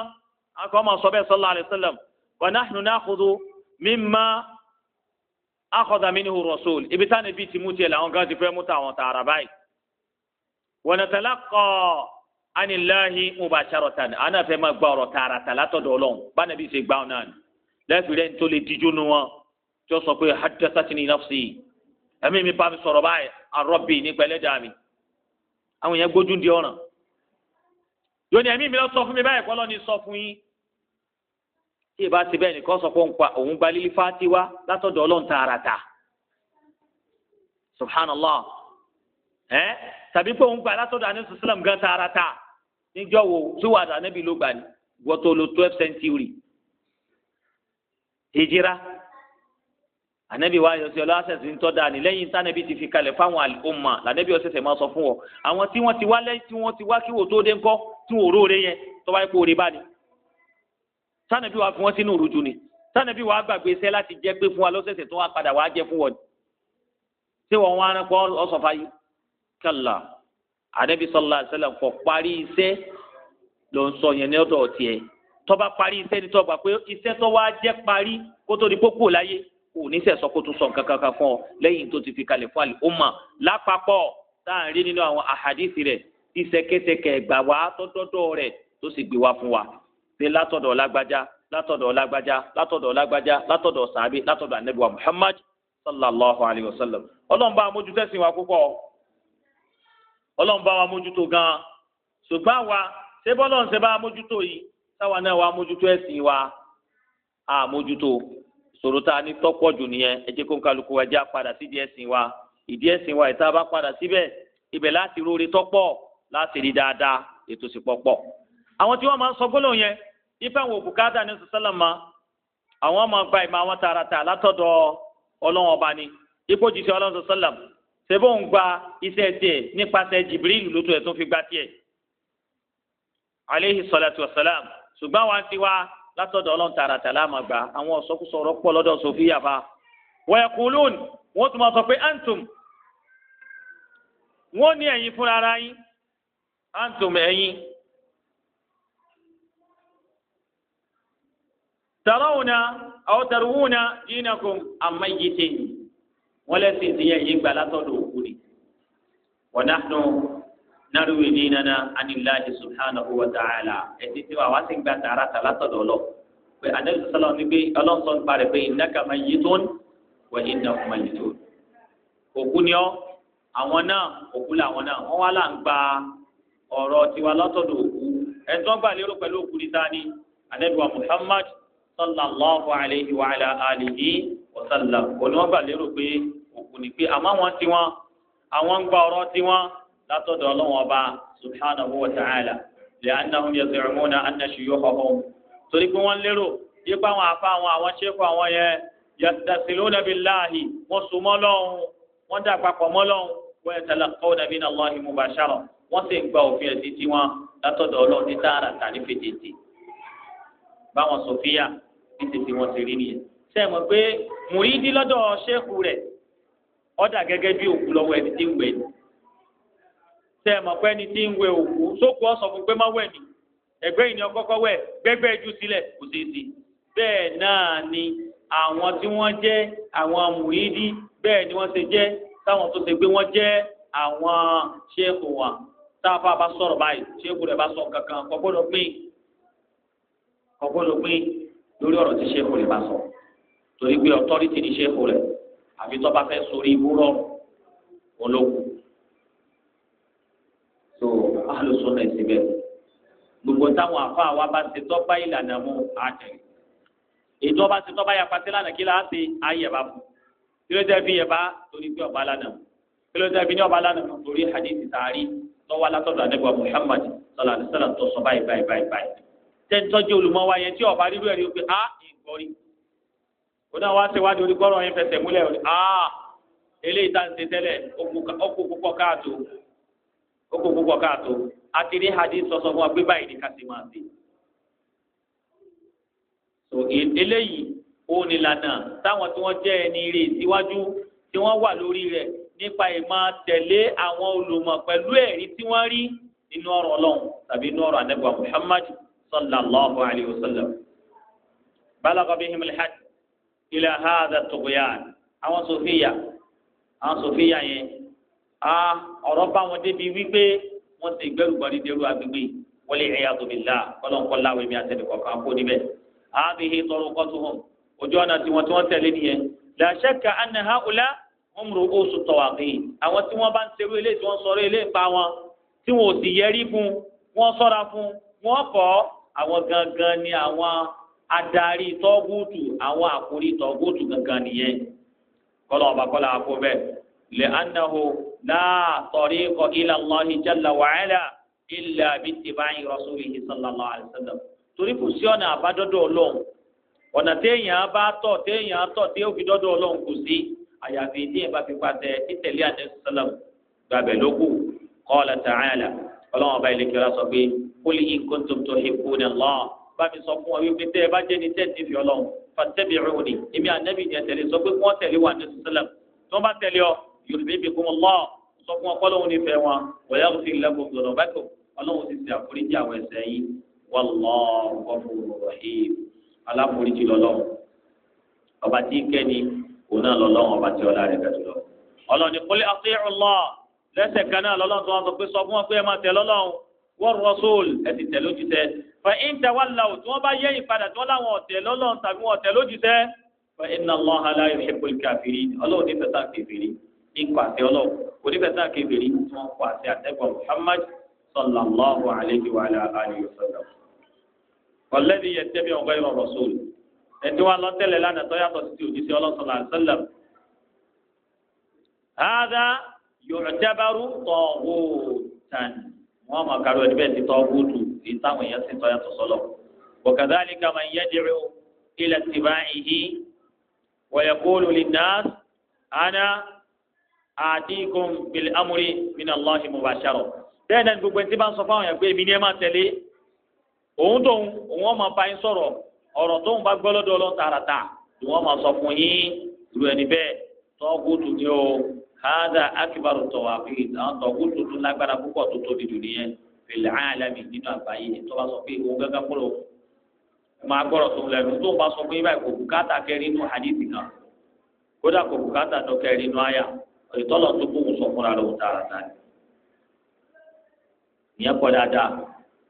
akọ́ máa sọ bẹ́ẹ̀ sallallahu alayhi wa sallam wa nahnu nakhudhu mimma akhadha minhu rasul ibi táwọn ẹbí ti mú tiẹ̀ làwọn kan ti fẹ́ wa natalaqa anilahi mubasharatan ana fẹ́ máa gba ọ̀rọ̀ tààràtà látọ̀dọ̀ Ọlọ́run báyìí bí ṣe gbà ọ náà lẹ́sìn rẹ̀ ń tó lè díjú nu wọn tí ó sọ nafsi ẹ̀mí mi bá mi sọ̀rọ̀ báyìí arọ́bì nípa ẹlẹ́dàá mi àwọn yẹn gbójú di ọ̀ràn yóò ní ẹ̀mí mi lọ sọ fún mi báyìí kọ́ lọ́ni sọ fún yín tí ìbá ti bẹ́ẹ̀ nìkan sọ pé òun gba lílí fáti wá látọ̀dọ̀ ọlọ́run tààràtà subhanallah ẹ tàbí pé òun gba látọ̀dọ̀ anísù sílẹ̀m gan tààràtà níjọ́ wo tí wàá dà níbi ló gbà ní gbọ́tò lo twelve century hijira anabi wa yọ sí ọ lọ́wọ́ sẹ̀sìn tọ́ da ni lẹ́yìn tánàbí ti fi kalẹ̀ fáwọn àlùmọ̀ lànàbí ọ̀sẹ̀sẹ̀ máa sọ fún ọ àwọn tí wọ́n ti wá lẹ́yìn tí wọ́n ti wá kí wò tó dé ńkọ́ tí wò róore yẹn tọ́ba ipò òre bá ni tánàbí wa fún wọn sínú òrùjú ni tánàbí wa gbàgbé iṣẹ́ láti jẹ́ pé fún wa lọ́sẹ̀sẹ̀ tó wá padà wá jẹ́ fún wọn ṣé wọn wá rán pọ́ ọ̀sọ̀fà yìí kàlà anabi sọlá sẹlẹ̀ ni tọ́ba pé iṣẹ́ tó wá jẹ́ parí kó kò ní sẹ̀ sọ kó tún sọ nǹkan kankan fún ọ lẹ́yìn tó ti fi kalẹ̀ fún àlè ọmọ lápapọ̀ tá à ń rí nínú àwọn àhàdìsì rẹ̀ ìṣẹ̀kẹsẹ̀kẹ̀ ẹ̀gbà wá tọ́tọ́tọ́ rẹ̀ tó sì gbé wá fún wa ṣe látọ̀dọ̀ lágbájá látọ̀dọ̀ lágbájá látọ̀dọ̀ lágbájá látọ̀dọ̀ sàbí látọ̀dọ̀ anabiwa Muhammad sallallahu alayhi wa sallam ọlọ́run bá amójútó ẹ̀sìn wa púpọ̀ ọlọ́run bá wa mójútó gan-an ṣùgbọ́n wa ṣé bọ́lọ́run ṣe bá ìṣòro tá a ní tọ́pọ̀ jù nìyẹn ẹ jẹ́ kó ń kálukú wa jẹ́ àpadà sídìí ẹ̀sìn wa ìdí ẹ̀sìn wa ìta bá padà síbẹ̀ ibẹ̀ láti róore tọ́pọ̀ láti rí dáadáa ètò sì pọ̀pọ̀. àwọn tí wọ́n máa ń sọ gbólóhùn yẹn ife àwọn òbúkátà ní sọ́sálàmà àwọn máa gba ìmọ̀ àwọn tààràtà látọ̀dọ̀ ọlọ́wọ́n ọba ni ipò jìṣẹ́ ọlọ́run sọ́sálàm ṣebó ń gba iṣẹ́ tiẹ̀ nípasẹ̀ Jibril ló tún ẹ̀ tún fi gba tiẹ̀. aleyhi salatu wa salam ṣùgbọ́n wa ti wá látọ̀dọ̀ ọlọ́run tààràtà lámàgbà àwọn ọ̀sọ́kùsọ ọ̀rọ̀ pọ̀ lọ́dọ̀ sofiya fa wẹ̀kùlùn wọ́n tún máa sọ pé antum wọ́n ní ẹ̀yin fúnra ara yín antum ẹ̀yin. tarawuna aw tarawuna dinakum amayyitin wọ́n lẹ́sìn ìdíyẹ yìí gbà látọ̀dọ̀ òkú ni naruwe dinana anilahi subhanahu wa ta'ala ẹti tí wa wá sí gba tààrà tààrà tọ̀dọ̀ lọ pé anabi sọlọ ni pé ọlọ́sọ̀ ń parẹ́ pé innaka mayyitun wa innahum mayyitun. òkú ni ọ́ àwọn náà òkú làwọn náà wọ́n wá là ń gba ọ̀rọ̀ tiwa lọ́tọ̀dọ̀ òkú ẹ̀sùn ọgbà lérò pẹ̀lú òkú ní sáà ni anabi wa muhammad sallallahu alayhi wa ala alihi wa sallam òní wọ́n gbà lérò pé òkú ni pé àmọ́ àwọn tiwọn àwọn ń gba ọ̀rọ̀ tiwọn látọ̀dọ̀ ọlọ́wọ́n ọba subhanahu wa ta'ala li'annahum yaz'umuna anna shuyukhahum torí pé wọ́n lérò yípa àwọn afa àwọn àwọn ṣẹ́kù àwọn yẹn yattasiluna billahi wọ́n sùn mọ́ lọ́hùn wọ́n dà papọ̀ mọ́ lọ́hùn wọ́n yatalaqawna min Allahi mubashara wọ́n sì gba òfin ẹ̀sìn tiwọn látọ̀dọ̀ ọlọ́run ní tààrà tàní fètètè báwọn sọfíà ní tètè wọn ti rí nìyẹn sẹ́yìn mọ̀ pé mùrídìí lọ́dọ̀ ṣẹ́kù rẹ̀ ọ̀dà gẹ́gẹ́ bí òkú lọ́wọ́ ẹni tí ń wẹ̀ ni tẹ mọ̀ pé ẹni tí ń wẹ òkú sókù ọ̀sán fún pé má wẹ̀ ni ẹgbẹ́ yìí ni ọkọ́kọ́ wẹ̀ gbẹ́gbẹ́ ju sílẹ̀ kò sí sí bẹ́ẹ̀ náà ni àwọn tí wọ́n jẹ́ àwọn mùídí bẹ́ẹ̀ ni wọ́n ṣe jẹ́ táwọn tó ṣe pé wọ́n jẹ́ àwọn ṣéèkù wa táàfà bá sọ̀rọ̀ báyìí ṣéèkù rẹ̀ bá sọ kankan kò pín kò pín lórí ọ̀rọ̀ tí ṣéèkù rẹ̀ bá sọ torí pé ọ̀tọ́rìtì ni ṣéèkù rẹ̀ àfi tó bá fẹ́ sórí ibú rọrùn alùsùn náà síbẹ̀ gbogbo táwọn afa wa bá ṣe tọ́ba ìlànà mú àtẹ̀lé èyí tó bá ṣe tọ́ba yà pàṣẹ lánàá kí láti ayẹ̀bá fún kí ló dé fi yẹ̀bá torí pé ọba lánàá kí ló dé fi ní ọba lánàá torí hadithi tààrí lọ́wọ́ alátọ́dọ̀ àdẹ́gbà Muhammad sallallahu alaihi wasallam tó sọ báyìí báyìí báyìí báyìí tẹ́tọ́jú olùmọ́wá yẹn tí ọba rírú ẹ̀rí ó pe ah ìgbọ́rí ó náà wá ṣèwádìí orí gbọ́rọ̀ yẹn fẹsẹ̀ múlẹ̀ ó ah eléyìí tá à ń ṣe tẹ́lẹ̀ ó kú púpọ̀ káàtó ó kó púpọ̀ káàtó àti ní hadith sọsọ fún wa pé báyìí ni ká ti máa ṣe. tó e- eléyìí ó ní lànà táwọn tí wọ́n jẹ́ ẹni rè síwájú tí wọ́n wà lórí rẹ̀ nípa ìmọ̀ tẹ̀lé àwọn olùmọ̀ pẹ̀lú ẹ̀rí tí wọ́n rí nínú ọ̀rọ̀ ọlọ́run tàbí nínú ọ̀rọ̀ ànábì Muhammad sallallahu alayhi wa sallam. balagha bihim al-hadd ila hadha sofiya àwọn sofiya yẹn a ọ̀rọ̀ bá wọn débi wípé wọ́n ti gbẹ́rùgbọ́n dídẹ́rù agbègbè wọlé ẹ̀yà tóbìlá kọ́lọ́nkọ́ láwọn èmi àtẹnukọ̀ kan kó níbẹ̀ àbíhí tọrọ kọ́tù hàn ojú ọ̀nà tí wọ́n tí wọ́n tẹ̀lé nìyẹn làṣẹ́kà ànàhà ọ̀là wọn mú oṣù tọ̀wàkì àwọn tí wọ́n bá ń serú ilé tí wọ́n sọ̀rọ̀ ilé ìpa wọn tí wọn ò sì yẹrí fún wọn sọ́ra fún wọn kọ́ àwọn gangan ni àwọn adarí tọ́gùtù àwọn àkórí tọ́gùtù gangan nìyẹn kọ́lọ́ ọba kọ́lá àkó bẹ́ẹ̀. لأنه لا طريق إلى الله جل وعلا إلا باتباع رسوله صلى الله عليه وسلم torí kò sí ọ̀nà àbádọ́dọ̀ ọlọ́run ọ̀nà téèyàn bá tọ̀ téèyàn tọ̀ tí ó fi dọ́dọ̀ ọlọ́run kò sí àyàfi téèyàn bá fi pàtẹ títẹ̀lé àdéhùn sálàm gbàgbẹ́ lókù qala ta'ala ọlọ́run ọba ilé kíra sọ pé qul in kuntum tuhibbuna Allah bá mi sọ fún ọ wípé tẹ́ ẹ bá jẹ́ ni tẹ́ ti fi ọlọ́run fattabi'uni èmi ànábì ni ẹ tẹ̀lé sọ pé kí wọ́n tẹ̀lé wà àdéhùn sálàm tí wọ́n bá tẹ̀lé ọ yuhibbukum Allah sọ fún ọpọlọ òun nífẹ̀ẹ́ wọn wa yaghfir lakum dhunubakum ọlọ́run ti ṣe àforíjì àwọn ẹ̀ṣẹ̀ yìí wallahu ghafurur rahim aláforíjì lọ́lọ́run ọba tí ń kẹ́ni òun náà lọ́lọ́run ọba tí ọlá rẹ̀ gàdú lọ. ọlọ́ni qul ati'u Allah lẹ́sẹ̀ kan náà lọ́lọ́run tó wọn sọ pé sọ fún wọn máa tẹ̀ lọ́lọ́run war rasul ẹ ti tẹ̀ lójútẹ́ fa in tawallaw tí wọ́n bá yẹ ìpadà tí wọ́n láwọn ọ̀tẹ̀ lọ́lọ́run tàbí wọn ọ̀tẹ̀ lójútẹ́ ikọ àti ọlọ onífẹsẹ kèfèrí tí wọn kọ àti àtẹgbọn Muhammad sallallahu alayhi wa alayhi wa sallam ọlẹ́ni yẹn tẹ́bi ọ̀gá ìwọ̀n rọ̀sọ́ọ̀lù ẹni wa lọ́tẹ̀lẹ̀ lánàá tó yàtọ̀ sí ti òjíṣẹ́ ọlọ́sọ̀lá sẹ́lẹ̀m. hádà yòòtẹ́bárú tọ̀wó tán wọ́n mọ̀ kárí ẹni bẹ́ẹ̀ ti tọ́wó tù èyí táwọn èèyàn sì tọ́yàtọ̀ sọ́lọ̀. wọ̀kàdáàlì kàmá yẹ dìrò ilẹ̀ tìbá ìhí wọ̀yẹ̀kóòlù lìnàás àná àdínkùn bìlì amúrí mina Allahi mubasharo bẹ́ẹ̀ náà gbogbo ẹni tí bá ń sọ fáwọn yẹn pé èmi ni ẹ máa tẹ̀lé òun tóun òun ọmọ bá yín sọ̀rọ̀ ọ̀rọ̀ tóun bá gbọ́ lọ́dọ̀ ọlọ́run tààràtà ni wọ́n máa sọ fún yín irú ẹni bẹ́ẹ̀ tọ́gùtù ni o hádà akíbarù tọ̀ wá fi àwọn tọ́gùtù tó lágbára púpọ̀ tó tóbi jù nìyẹn fèlè áyàlámì nínú àgbáyé tó bá sọ pé òun gángan kúrò máa gbọ́rọ̀ tó lẹ́nu tó bá sọ pé báyìí kò bùkátà kẹrin inú hadithi kan kódà kò bùkátà tó kẹrin inú ìtọ́lọ̀ tó kó wù sọ fúnra rẹ̀ wò tààràtà ni. ìyẹn pọ̀ dáadáa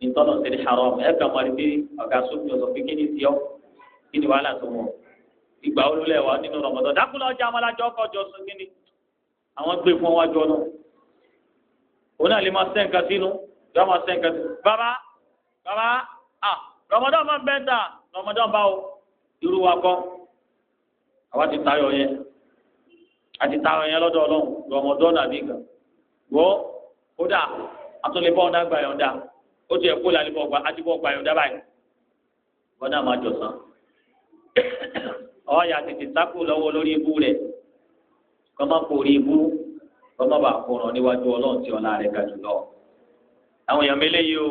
ìtọ́lọ̀ ti di haram ẹ̀ kà máa di ọ̀gá sókè ọ̀sọ̀ pé kí ni ti ọ́ kí ni wàhálà tó wọ̀. ìgbà olúlẹ̀ wa nínú Ramadan dákúlọ̀ ọjà amalajọ kọjọ sùn kí ni àwọn gbé fún wájú ọ̀nà. òun náà lè máa sẹ́ǹkà sínú yóò máa sẹ́ǹkà sínú. bàbá bàbá ah Ramadan máa ń bẹ́ẹ̀ ta báwo irú wa kọ́ àwa ti tayọ yẹn àti táwọn yẹn lọ́dọ̀ ọlọ́run rọmọdọ́nù àbí nǹkan wọ́ kódà àtúnlẹ̀bọ̀ ọ̀dà gbà yọ̀ǹda ó ti ẹ̀kọ́ làlẹ́bọ̀ gbà àtibọ̀ gbà yọ̀ǹda báyìí bọ́dà máa jọ sàn ọ̀yà tètè sákò lọ́wọ́ lórí ibú rẹ̀ kọ́ má kó orí ibú kọ́ má bàa kó ràn níwájú ọlọ́run tí ọ̀la rẹ̀ ga jùlọ. àwọn èèyàn mélèyí o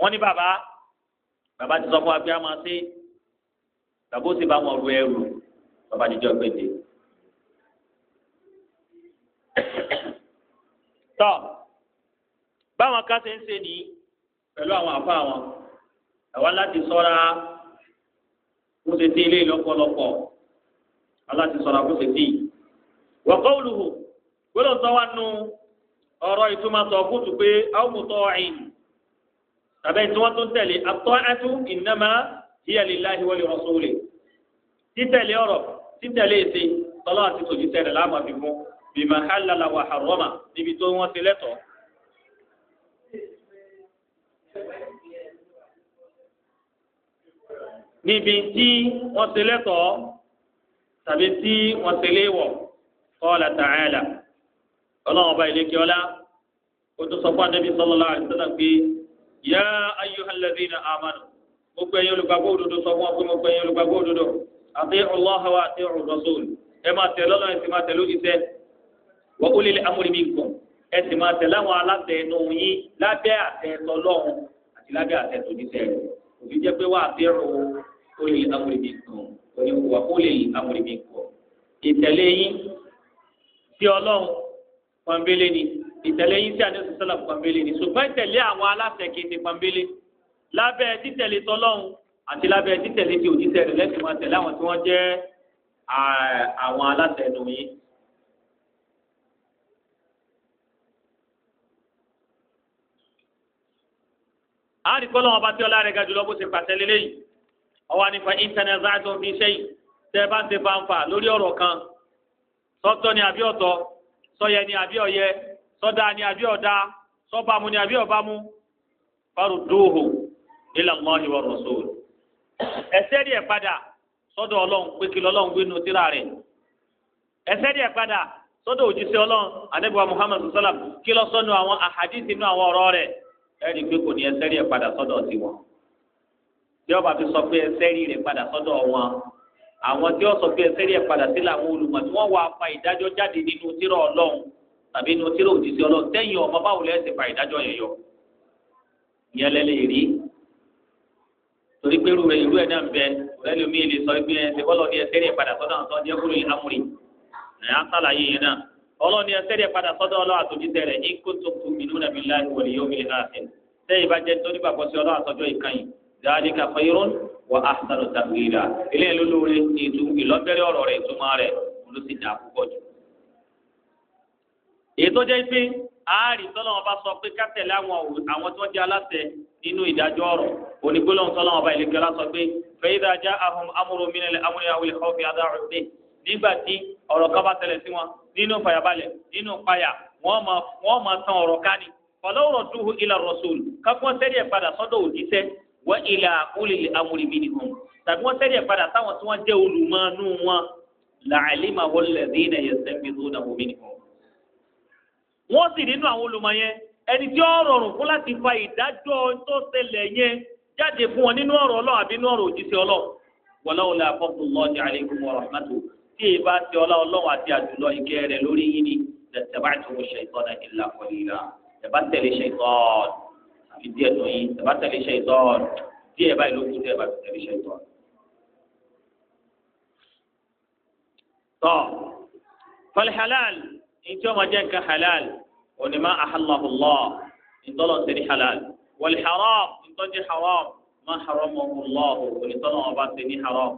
wọ́n ní bàbá bàbá ti sọ fún wa pé a máa ṣe bàbá ó sì bá wọn ru ẹrù tọ́ba jíjọ́ péde. tọ́ báwọn kan ṣe ń ṣe nìyí pẹ̀lú àwọn àfa wọn àwa láti sọ́ra kó ṣe tí ilé lọ́pọ̀lọpọ̀ aláti sọ́ra kó ṣe tí. wa qawluhu gbọ́dọ̀ sọ wá nù ọ̀rọ̀ ìtumọ̀ sọ kútu pé aw mutaa'in tàbí tí wọ́n tún tẹ̀lé at-ta'atu innama hiya lillahi wa li rasulihi títẹ̀lé ọ̀rọ̀ títẹ̀lé èsì tọ́lá àti tòjú tẹ̀lé láàmú àfikún bima halala wa harrama níbi tó wọ́n ti lẹ́tọ̀ọ́. níbi tí wọ́n ti lẹ́tọ̀ọ́ tàbí tí wọ́n ti léwọ̀ qala ta'ala ọlọ́run ọba ìlékè ọlá ó tún sọ fún anabi sallallahu alaihi wasallam pé ya ayyuhal ladhina amanu gbogbo ẹ̀yin olùgbàgbọ́ òdodo sọ fún ọ gbogbo ẹ̀yin olùgbàgbọ́ òdodo ati'u Allah wa ati'u ar-rasul ẹ máa tẹ̀ lọ́lọ́ ẹ sì máa tẹ̀ lójú tẹ́ wa ulil amri minkum ẹ sì máa tẹ̀ láwọn aláṣẹ inú yín lábẹ́ àtẹ tọlọ́run àti lábẹ́ àtẹ tòdíṣẹ́ òfin jẹ́ pé wà ati'u ulil amri minkum òní wà ulil amri minkum ìtẹ̀lé yín sí ọlọ́run pọ̀nbélé ni ìtẹ̀lé yín sí àti lábẹ́ títẹ̀lé ti òjíṣẹ́ rẹ̀ lẹ́sìn máa tẹ̀lé àwọn tí wọ́n jẹ́ àwọn aláṣẹ ẹnu yín. àárín kọ́ lọ́wọ́ bá tí ọlá rẹ̀ ga jùlọ bó ṣe pàṣẹ lélẹ́yìí ọwọ́ nípa íńtánẹ́ẹ̀tì láti fi ṣe yìí tẹ́ ẹ bá ń ṣe fanfa lórí ọ̀rọ̀ kan sọ́tọ́ ni àbí ọ̀tọ̀ sọ́yẹ ni àbí ọ̀yẹ sọ́dá ni àbí ọ̀dá sọ́bàmù ni àbí ọ̀bàmù farudduhu ila Allahi wa rasul ẹsẹ̀ díẹ̀ padà sọ́dọ̀ ọlọ́run pé kí lọ́lọ́run gbé nu tíra rẹ̀ ẹsẹ̀ díẹ̀ padà sọ́dọ̀ òjíṣẹ́ ọlọ́run anabiwa muhammadu sallam kí lọ sọ́nu àwọn àhàdìsí inú àwọn ọ̀rọ̀ rẹ̀ ẹ̀rí pé kò ní ẹsẹ̀ díẹ̀ padà sọ́dọ̀ sí wọn tí ọba fi sọ pé ẹsẹ̀ rí rẹ̀ padà sọ́dọ̀ wọn àwọn tí ó sọ pé ẹsẹ̀ díẹ̀ padà sí làwọn olùmọ̀ tí wọ́n wá fa ìdájọ́ jáde nínú tíra ọlọ́run tàbí inú tíra òjíṣẹ́ ọlọ́run tẹ́yìn ọmọ báwo lẹ́sẹ̀ fa ìdájọ́ yẹn yọ ìyẹn lẹ́lẹ́ rí torí pé irú irú ẹ̀ náà ń bẹ lẹ́nu mi lè sọ pé ẹsẹ̀ bọ́lọ̀ ni ẹsẹ̀ rẹ̀ padà sọ́dọ̀ ọ̀tọ̀ ní ẹkúrò yìí amúrì ẹ̀ á sàlàyé yẹn náà ọlọ́ọ̀ ni ẹsẹ̀ rẹ̀ padà sọ́dọ̀ ọlọ́ àtòjíṣẹ́ rẹ̀ ní kótópù mìíràn nàbí láì wọlé yóò mi lè náà sẹ́yìn sẹ́yìn bá jẹ́ torí bàbọ̀ sí ọlọ́ àtọ́jọ́ ìkànnì ààrì tọ́lọ́wọ́n bá sọ pé kátẹ̀lé àwọn àwọn tí wọ́n jẹ́ aláṣẹ nínú ìdájọ́ ọ̀rọ̀ onígbólóhùn tọ́lọ́wọ́n bá ìlẹ́kẹ́ ọlá sọ pé fẹ́yìdá já ahùn amúrò mìíràn amúrò àwòlẹ̀ ọ̀fìn adáhùn ṣe nígbà tí ọ̀rọ̀ kan bá tẹ̀lẹ̀ sí wọn nínú fàyàbalẹ̀ nínú payà wọ́n máa wọ́n ọ̀rọ̀ ká fọlọ́wọ́rọ̀ dúhù ilà rọ̀ṣùl kápọ́n wọ́n sì nínú àwọn olùmọ̀ yẹn ẹni tí ó rọrùn fún láti fa ìdájọ́ tó ṣẹlẹ̀ yẹn jáde fún wọn nínú ọ̀rọ̀ Ọlọ́run àbí nínú ọ̀rọ̀ òjíṣẹ́ Ọlọ́run wọláwọ la fọkùn lọọdì àlẹkùn ọ̀rọ̀ àmàtò tí èyí bá ti ọlá Ọlọ́run àti àjùlọ ìkẹ́ rẹ̀ lórí yín ni tọ́ fal halal ìjọ́ máa jẹ́ nǹkan halal onímọ ahàlàhùlọ ìtọ́lọ̀ ti ní halal wal haram ìtọ́jú haram má haram ọ̀hùnlọ onítọ́lọ̀ ọba ti ní haram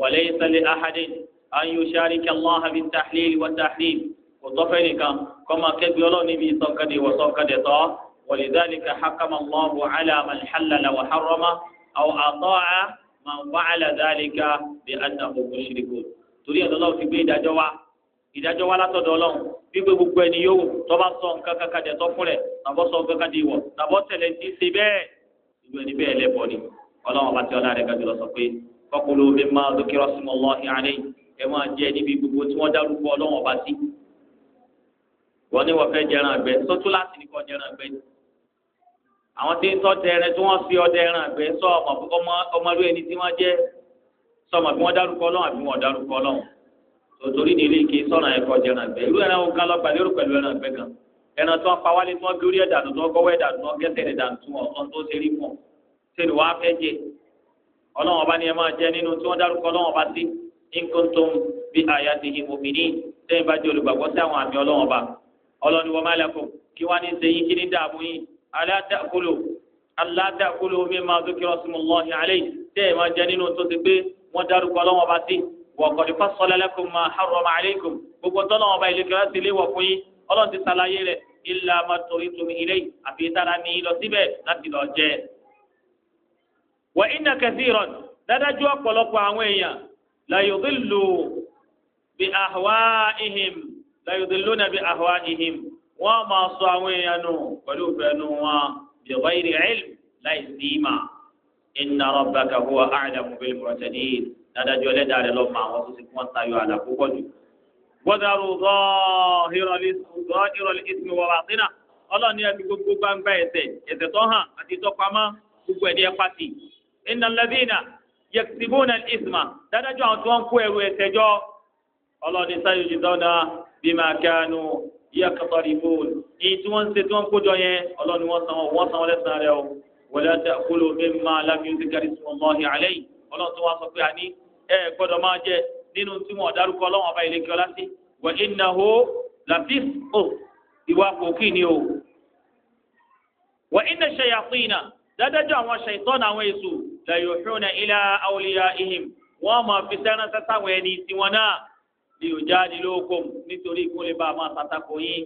walaysa li ahadin an yusharika Allah bi tahlil wa tahrim kò tọ́fẹ́ nìkan kọ́ máa kẹ́gbẹ́ ọlọ́ọ̀ni bí sọ́kadì wọ sọ́kadì tọ́ ولذلك حكم الله على من حلل وحرم أو أطاع من فعل ذلك بأنه مشرك torí ẹ̀dọ́ lọ́wọ́ fi gbé ìdájọ́ wa ìdájọ́ wa látọ̀dọ̀ ọlọ́run wípé gbogbo ẹni yóò tó bá sọ nǹkan kankan dẹ̀ tọ́ fún rẹ̀ tàbọ̀ sọ nǹkan kan di ìwọ̀ tàbọ̀ tẹ̀lé ti ṣe bẹ́ẹ̀ ìlú ẹni bẹ́ẹ̀ lẹ́bọ̀ ni ọlọ́run bá ti ọlá rẹ̀ gàdúrà sọ pé kọ́kúlù mi máa lókè rọ́sùmọ̀ lọ́ọ̀hì àárẹ̀ ẹ máa jẹ́ níbi gbogbo tí wọ́n dárúkọ ọlọ́run ọba sí. wọ́n ní wọ́n fẹ́ jẹran àgbẹ̀ sọ́tún láti ní kọ́ jẹran àgbẹ̀ ni. àwọn tí torí ní ilé kìí sọ̀rọ̀ ẹ̀kọ́ jẹran àgbẹ̀ irú ẹran ogun lọ gbà lérò pẹ̀lú ẹran àgbẹ̀ gan ẹran tó ń pa wálé tó ń gbórí ẹ̀dà tó ń gọ́wọ́ ẹ̀dà tó ń gẹ́sẹ̀ ẹ̀dà tó ń tó ṣe rí fún ṣe ni wàá fẹ́ jẹ ọlọ́wọ́n ọba ni ẹ máa jẹ nínú tí wọ́n dárúkọ ọlọ́wọ́n ọba sí nǹkan tó ń bí àyà ti hi mòmìnì sẹ́yìn bá jẹ́ olùgbàgbọ́ sí àwọn àmì ọlọ́wọ́n وقد فصل لكم ما حرم عليكم gbogbo tọ́lá wọn bá ilé kí wọ́n ti léwọ̀ fún yín ọlọ́run ti ṣàlàyé rẹ̀ ilà mọ́tòrítùmí ilé àfi ìtara ní lọ síbẹ̀ láti lọ jẹ. wà iná kẹsìrán dádájú ọ̀pọ̀lọpọ̀ àwọn èèyàn láyọ̀dìlù bí àhùwá ihim láyọ̀dìlù náà bí àhùwá ihim wọ́n máa sọ àwọn èèyàn nù pẹ̀lú ìfẹ́nu wọn bí wáyé rẹ̀ láì sí ìmà ìnà rọ̀bàkà huwa àdàmù bil murtadin dáadájú ẹlẹ́dà rẹ̀ lọ mọ àwọn tó ti wọ́n tayọ àlà púpọ̀ jù. gbọ́dọ̀rù zọ́ọ̀hìrọ̀lì ìsìn wọ̀ wàsínà ọlọ́ọ̀ni ẹbí gbogbo gbangba ẹ̀ṣẹ̀ ẹ̀ṣẹ̀ tó hàn àti tó pamọ́ gbogbo ẹ̀dí ẹ̀ pàtì. ìnàlẹ́bìnà yẹtìbùnà ìsìmà dáadájú àwọn tó ń kó ẹrù ẹ̀ṣẹ̀ jọ ọlọ́ọ̀ni sáyò jìdọ́nà bímọ akẹ́nu yẹkọtọ̀rì fóònù èyí tí wọ́n ń tí wọ́n kó jọ yẹn ọlọ́ọ̀ni wọ́n san wọ́n san wọ́n lẹ́sàn-án rẹ̀ o wọ́n lẹ́sàn-án kúlò mímọ́ alábíyúndínkárí sùnmọ́ ọ̀hìn àlẹ́ yìí ọlọ́run tó wá sọ ẹ gbọ́dọ̀ máa jẹ nínú tí wọn dárúkọ ọlọ́wọ́n ọba ìlẹ́kẹ́ ọlá sí wọ́n iná hó làfíìs ò ìwà kòkì ni o. wọ́n iná ṣayàpínà dádájọ́ àwọn ṣàìtọ́nà àwọn èṣù lẹ́yìn òṣùnà ilá àwòlíyà ihim wọ́n máa fi sẹ́rán sẹ́sà àwọn ẹni náà lè yóò jáde lóòkùn nítorí ìkólé bá a máa ṣàtàkò yín.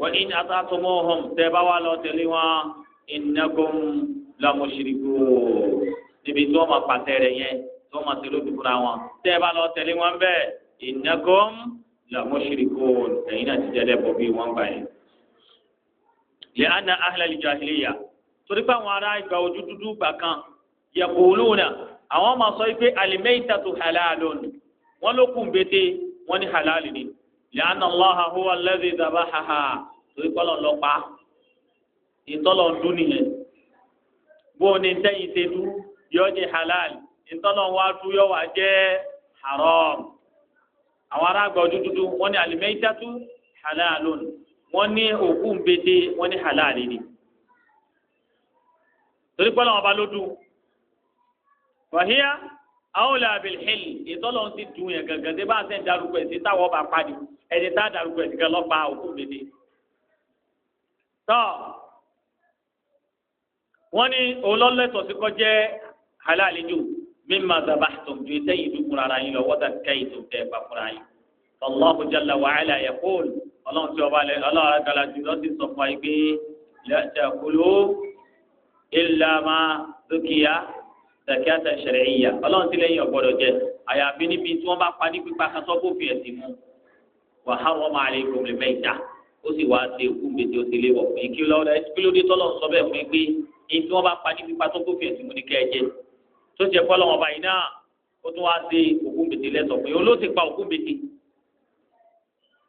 wọ́n iná atátọ́mọ́ ọ̀hún tẹ́ bá wà lọ wọn ìnágún làmúṣirikú níbi tí wọ́n máa pàṣẹ rẹ̀ yẹn tí wọ́n máa ṣe lóbi fúnra wọn tẹ́ ẹ bá lọ tẹ̀lé wọn bẹ́ẹ̀ ìnágọ́m làwọn ṣìrìkò ẹ̀yin náà ti jẹ́lẹ̀ bọ̀ bí wọ́n gbà yẹn. lè ana ahlali jahiliya torí pé àwọn ará ìgbà ojú dúdú gbà kan yaquluna àwọn máa sọ pé al-maytatu halalun wọn ló kùn bété wọn ní halal ni lè ana allaha huwa alladhi dhabahaha torí pé ọlọ́run ló pa ìtọ́lọ̀ ń dún nìyẹn bó o ní tẹ́yìn ṣe dún yọ di halal ìtọ́nà wa tú yọ wá jẹ́ haram àwọn aráàgbà dúdúdú wọ́n ní alimẹ́tàtú halalun wọ́n ní òkú nbédé wọ́n ní halal ni torí pé ọlọ́wọ́n bá ló dùn wàhíyá àwọn abilhil ìtọ́lọ́ ti dùn yẹn gàngàn tí bá ń sẹ́ń darúgbó ẹ̀ sí táwọn bá pàdé ẹni tá a darúgbó ẹ̀ sí kan lọ́pàá òkú nbédé tọ́ wọ́n ní òun lọ́lẹ́tọ̀ halali ju mimma zabahtum ju itayi dukura ara yin lọ wọta kayi tó tẹ ba fura yin allahu jalla wa ala yaqul ọlọ́run tí ọba lẹ ọlọ́run kala ju lọ sí sọ fún ayi pé la ta'kulu illa ma dukiya zakiyata shar'iyya ọlọ́run tí lẹ́yìn ọgbọdọ jẹ àyàfi níbi tí wọn bá pa ní pípa kasọ kó fi ẹsìn mu wa harrama alaykum al-mayta ó sì wáá ṣe ikú gbèsè ó ti lé wọ fún yín kí ló dé tọ́lọ̀ sọ bẹ́ẹ̀ fún yín pé èyí tí wọ́n bá pa ní pípa tó kó fi ẹ̀sìn mu ní kẹ́ ẹ jẹ́ tó jẹ́ kọ́ lọ́wọ́ báyìí náà ó tún wá sí òkú bètè lẹ́sọ̀ pé olóòtú pa òkú bètè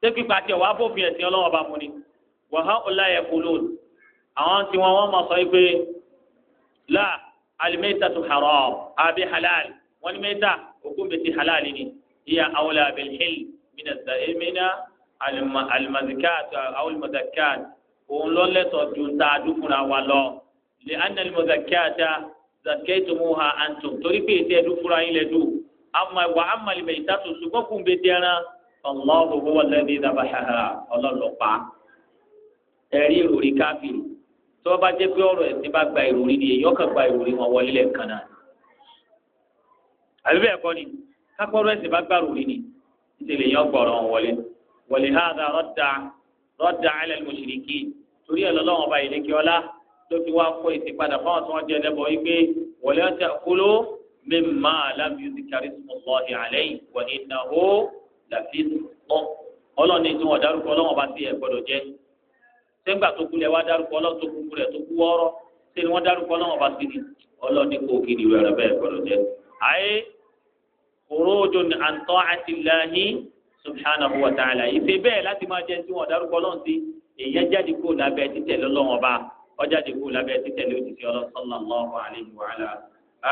ṣé pípa tiẹ̀ wàá bófin ẹ̀sìn ọlọ́wọ́ bá mu ni wàhán ọláyẹ kúló àwọn tí wọn wọn mọ sọ pé la alimẹta tó haram àbí halal wọn ni mẹta òkú bètè halal ni ìyá awolẹ abẹlẹhìn mina mina alimazikat awolimazikat òun lọ lẹtọ ju ta dúkúra wa lọ lè anna alimazikat zakaytumuha antum torí pé ètò ẹ̀dùn fúra yín lẹ́dù amma wa amma al-maytatu ṣùgbọ́n kùn bẹ dẹ́ran Allahu huwa alladhi dhabahaha ọlọ́lọ́pàá ẹ̀rí ìròrí káfíìn tí wọ́n bá jẹ́ pé ọ̀rọ̀ ẹ̀sìn bá gba ìròrí ni èèyàn kan gba ìròrí wọn wọlé lẹ́ẹ̀kan náà àbí bẹ́ẹ̀ kọ́ ni kápọ́rọ́ ẹ̀sìn bá gba ìròrí ni ìṣẹ̀lẹ̀ èèyàn gbọ̀rọ̀ wọlé wọlé hàdà rọ́dà rọ́dà ala tó fi wá kó ètè padà fáwọn tó wọn jẹ lẹbọ yìí pé wala ta'kulu mimma lam yuzkar ismullahi alayhi wa innahu lafisq ọlọ́ni tí wọ́n dárúkọ ọlọ́wọ́n bá ti ẹ̀ gbọ́dọ̀ jẹ́ sẹ́gbà tó kulẹ̀ wá dárúkọ ọlọ́wọ́ tó kú rẹ̀ tó kú ọ̀rọ̀ sẹ́ni wọ́n dárúkọ ọlọ́wọ́n bá ti di ọlọ́ni kò kiri ọjáde kú lábẹ́ títẹ̀lé òjijì ọlọ́sọ́lá lọ́wọ́ àlejò wàhálà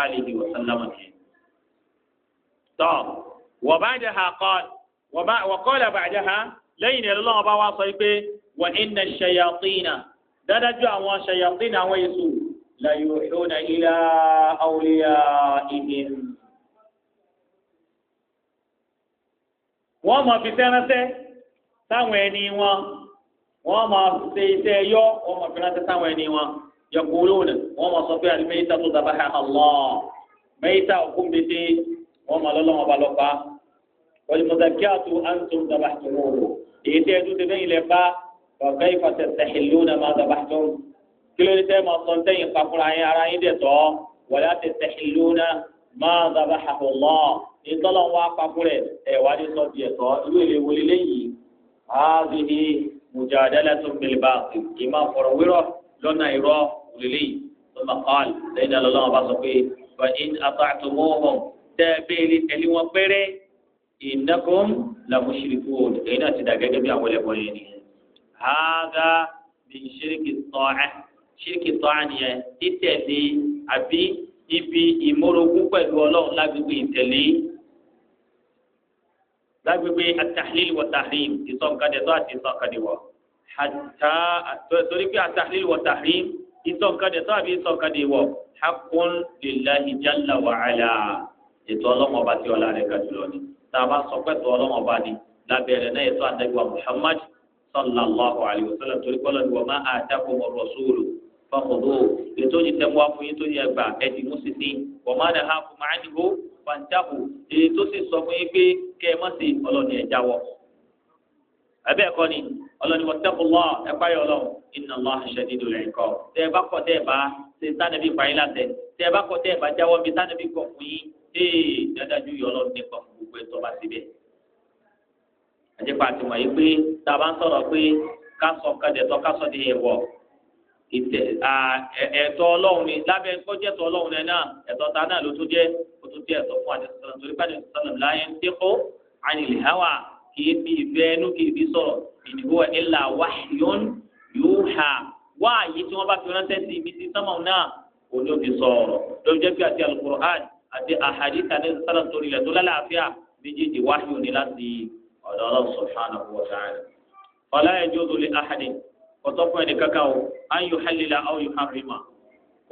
àlejò wàsálámà ni. tọ́ wọ́n bá jẹ́ ha kọ́ọ̀lù wọ́n kọ́ọ̀lù àbàjẹ́ ha lẹ́yìn ìrẹ́lẹ́ lọ́wọ́ bá wá sọ pé wọ́n iná ṣayàtìnà dádájú àwọn ṣayàtìnà àwọn èso làyò ìhónà ilá àwòlíyà ìhìn. wọ́n mọ̀ fi sẹ́ránṣẹ́ táwọn ẹni wọn wọ́n máa ṣe iṣẹ́ yọ wọ́n máa fi ránṣẹ́ sáwọn ẹni wọn yaquluna wọ́n máa sọ pé al-mayta tó dabaha Allah mẹ́yìtà òkú mbete wọ́n máa lọ́lọ́ wọn bá lọ pa wal muzakkiyatu antum dabahtumuhu èyí tẹ́ ẹdún tẹ́fẹ́ ilẹ̀ bá ọ̀gá ìfọ̀tẹ̀ tẹ̀hìlúnà máa dabahtum kílódé tẹ́ máa sọ ntẹ́yìn pàkúrà yẹn ara yín dẹ̀ tọ́ wala tastahilluna máa dabahahu Allah ìtọ́lọ́wọ́ apakúrẹ̀ ẹ̀ wá ní sọ mujadalatun bil batil ìmọ̀ àfọ̀rọ̀wérọ̀ lọ́nà ìrọ̀ òlélẹ́ yìí thumma qala lẹ́yìn náà lọ́lọ́wọ́ bá sọ pé fa in ata'tumuhum tẹ́ bẹ́ẹ̀lì tẹ̀lé wọn péré innakum la mushrikun lẹ́yìn náà ti dà gẹ́gẹ́ bí àwọn ẹlẹ́bọ̀ yẹn ni. hada min shirki ta'ah shirki ta'ah nìyẹn títẹ̀lé àbí ibi ìmọ̀rọ̀gún pẹ̀lú ọlọ́run lágbègbè ìtẹ̀lé lágbègbè atahlil wa tahrim ìsọ̀nkadẹ̀tọ́ àti ìsọ̀nkadẹ̀wọ̀ hatta torí pé atahlil wa tahrim ìsọ̀nkadẹ̀tọ́ àbí ìsọ̀nkadẹ̀wọ̀ haqqun lillahi jalla wa ala ètò ọlọ́mọba tí ọlá rẹ̀ gàdú lọ ni tá a bá sọ pé ètò ọlọ́mọba ni lábẹ́rẹ̀ náà ètò àtẹ́gbà Muhammad sallallahu alayhi wa sallam torí kọ́lọ́ ni wọ́n máa àtàkùn ọ̀rọ̀ sóòlù fọkùnrin ètò ìtẹ̀wọ́ fún yín tó yẹ gbà ẹ̀dínwó sísè fàǹjáwò èyí tó sì sọ fún yín pé kẹ́ ẹ má ṣe ọlọ́ni ẹ̀ jáwọ́ ẹ̀bẹ́ ẹ̀kọ́ ni ọlọ́ni wọ́tẹ́kùlọ́ ẹ̀pá yọ lọ iná lọ aṣẹ́ni ló rẹ̀ kọ́ tẹ́ ẹ bá kọ́ tẹ́ ẹ bá ṣe sánẹ́bí fàyín látẹ̀ tẹ́ ẹ bá kọ́ tẹ́ ẹ bá jáwọ́ bí sánẹ́bí kọ̀ fún yín ee dájú yọ lọ nípa gbogbo ẹ̀ tọ́ba síbẹ̀. àjẹpà àti wọ̀nyí pé tá a bá ń sọ̀rọ̀ pé ká sọ kadẹ̀tọ́ ká sọ di ẹ̀wọ̀ ẹ̀tọ́ ọlọ́run ni lábẹ́ kọ́jẹ́tọ̀ ọlọ́run náà ẹ̀tọ́ ta náà ló tó jẹ́ tó jẹ́ ẹ̀tọ́ fún àdìsí sọ́nà torí pàdé sọ́nà láyé ń tẹ́kọ́ ànìlè hàwà kìí fi ìfẹ́ ẹnu kìí fi sọ̀rọ̀ ìdìbò ẹ̀là wáyọ̀n yóò hà wáàyè tí wọ́n bá fi ránṣẹ́ sí ibi tí sọ́mọ̀ náà òní ò fi sọ̀rọ̀ lórí jẹ́ pé àti alukur'an àti ahadi tani sọ́nà torí ilẹ̀ tó lálàáfíà méjèèjì wáyọ̀n ni láti ọ̀dọ̀ ọlọ́run subhanahu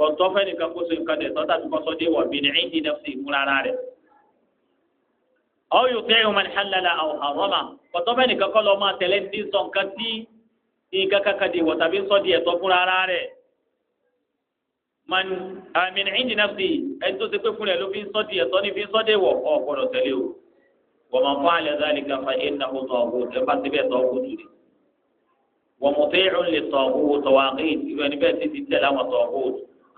ọ̀tọ́ fẹ́ni kan kó so nǹkan dẹ̀ tọ́ta tó kọ́sọ́ dé wọ̀ bí ní ẹ̀yìn dínà sí ìmúra ara rẹ̀. ọ̀yọ̀ tẹ́ ìwọ̀n ní halala àwòrán ọ̀tọ́ fẹ́ni kan kọ́ lọ máa tẹ̀lé ní sọ tí nǹkan kankan dè wọ̀ tàbí sọ di ẹ̀tọ́ fúnra ara rẹ̀. àmì ní ẹ̀yìn dínà ẹni tó ṣe pé fúnra ẹ̀ ló fi sọ di ẹ̀tọ́ ní fi sọ dé wọ̀ ọ̀ gbọ́dọ̀ tẹ̀lé o. wọ́n máa fọ́ àlẹ́ zálìkà fa ẹ̀ wọ́n tọ̀ owó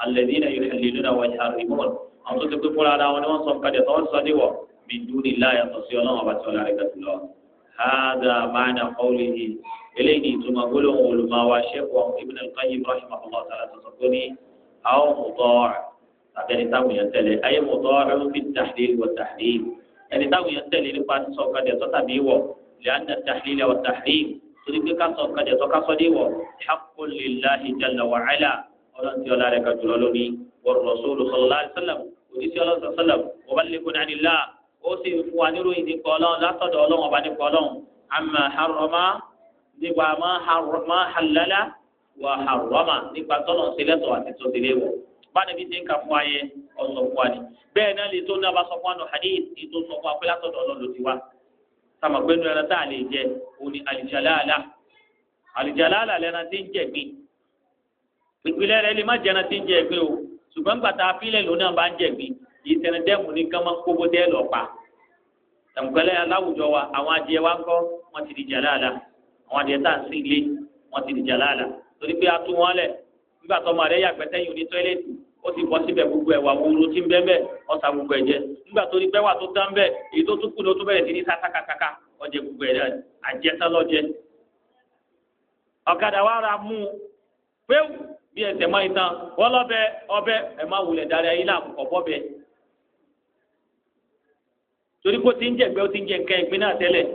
alẹ́dínà yóò ṣẹlẹ̀ lónà wọ́n ṣe àrùbọ̀n àwọn tó ti pé fúnra ara wọn ni wọ́n sọ kalẹ̀ tó wọ́n sọ níwọ̀ mi dúró láyà tó sí ọlọ́run àbàtì ọ̀la rẹ̀ gàtì lọ. hàdà máàna kọ́ọ̀lì yìí eléyìí ni ìtumọ̀ gbólóhùn olùmọ̀wá ṣẹ́kọ̀ọ́ ibn al-qayyim rahimahullah ta'ala tó sọ pé ní àwọn mọ̀tọ́ àtẹni ẹni táwọn èèyàn tẹ̀lé nípa sísọ kalẹ̀ ọlọ́run tí ọlá rẹ̀ ka jùlọ lórí wa rasuluhu sallallahu alaihi wasallam òjísé ọlọ́run sallam wa ballighun anillah ó sì fún wa níròyìn nípa ọlọ́run látọ̀dọ̀ ọlọ́run ọba nípa ọlọ́run àmà harọ́mà nípa má halala wà harọ́mà nípa tọ́lọ̀ ń sílẹ̀tọ̀ àti tó ti léwọ̀ báni bí ti ń ka fún wa yẹ ọ̀sọ̀ fún wa ni bẹ́ẹ̀ náà lè tó ní abasọ̀ fún wa nù hadith ní tó sọ fún wa pé látọ̀dọ̀ ọlọ́run ti wá sàmàgbẹ́nu ẹran tá a lè jẹ òní àlìjàláàlà àlìjàláàlà lẹ́ran tí ń jẹ̀gbìn ìpìlẹ̀ rẹ̀ lè má jẹran tí ń jẹ ẹ̀gbin o ṣùgbọ́n gbàtà afílẹ̀ lónìí náà bá ń jẹ̀gbin yìí tẹ̀lé dẹ́mu ní kán máa ń kóbó dẹ́ lọ pa aláwùjọ wa àwọn adìẹ wa kọ́ wọ́n ti di jàláàlà àwọn adìẹ tá à ń sìn ilé wọ́n ti di jàláàlà torí pé a tún wọn lẹ̀ nígbà tó ọmọ rẹ yàgbẹ́ sẹ́yìn oní tọ́ílẹ̀tì ó ti bọ́ síbẹ̀ gbogbo ẹ̀wà wúru tí ń bẹ́ bẹ́ẹ̀ ọ̀sà gbogbo ẹ̀jẹ̀ nígbà tó ní pẹ́ wà tó tán bẹ́ẹ̀ èyí tó tún kù ló tó bẹ̀rẹ̀ sí fẹ́wù bí ẹsẹ̀ máa ń tan wọ́n ọbẹ̀ ẹ̀ máa wulẹ̀ darí ayé láàmú ọ̀bọ̀ torí kó ti ń jẹ̀gbẹ́ ó ti ń jẹ nǹkan ìpín tẹ́lẹ̀.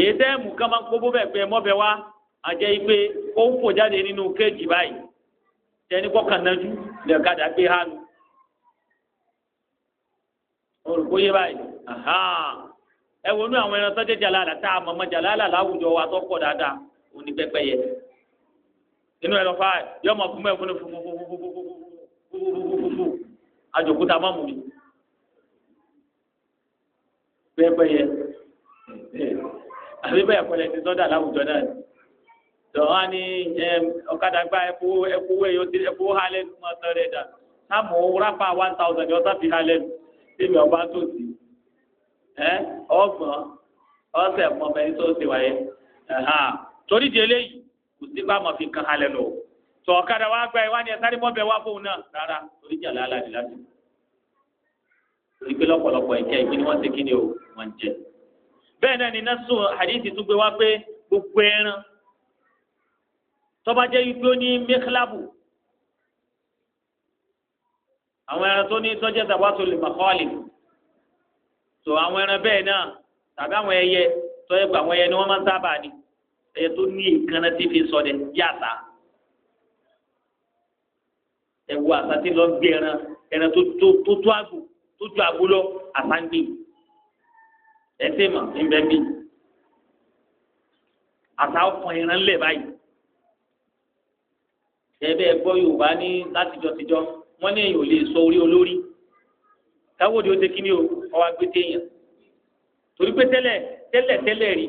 èyí tẹ́ mú ká máa ń kó bóbẹ̀ pé mọ́bẹ̀ wá àjẹ́ ó ń jáde nínú kéèjì báyìí kọ́ gbé hánu. olùkóyè báyìí ẹ wo inú àwọn ẹran tó jẹ́ jàlálà tá a jàlálà láwùjọ wa tó inú ẹ lọ fa yọ ọmọ fún mẹ́fún ní fúfúfúfúfúfúfúfú àjòkúta má mú mi bẹ́ẹ̀ bẹ́ẹ̀ yẹ àbí bẹ́ẹ̀ kọ́lẹ̀ ti sọ́dà láwùjọ náà dọ̀wá ni ọ̀kadà gba ẹ̀kú ẹ̀kú ẹ̀yọ tí ẹ̀kú halẹ̀ ní wọn sọ rẹ̀ dà sáàmù rápá one thousand yọ sáfì halẹ̀ tèmi ọba tó sí ẹ ọgbọ̀n ọ̀sẹ̀ mọ̀mọ́ ẹni tó ti wáyé torí di eléyìí kò sí bá àmọ̀ fi kan halẹ̀ lọ. tọ̀ ọ̀kadà wa gba ẹ̀ wá ní ẹ̀sáré mọ́bẹ̀ wá fóun náà rárá torí jà lálá ni láti. ìpè lọ́pọ̀lọpọ̀ ìkẹ́ ìpè ni wọ́n ti kí ni o wọ́n ń jẹ. bẹ́ẹ̀ náà ni nasu hadithi tún gbé wá pé gbogbo ẹran tọ́ba jẹ́ ipe ó ní mẹ́kílábù àwọn ẹran tó ní tọ́jú ẹ̀sàwátò lè mà kọ́ọ̀lì tó àwọn ẹran bẹ́ẹ̀ náà tàbí àwọn ẹyẹ tọ́jú àwọn ẹyẹ ni wọ́n máa ń sábà ní ẹyẹ tó ní ìkànnà tí fi sọdẹ bí àṣà ẹwọ àṣà tí lọ gbé ẹran ẹran tó tó tó àgbò tó ju àgbò lọ àṣà ń gbé ẹsẹ mà ń bẹ bí àṣà ọkàn ẹran lẹ báyìí ẹbẹ ẹgbọ Yorùbá ní látijọ́tijọ́ wọn ní èèyàn ò lè sọ orí olórí káwọ́ di ó ṣe kí ni o ọwọ́ agbé téèyàn torí pé tẹ́lẹ̀ tẹ́lẹ̀ tẹ́lẹ̀ rí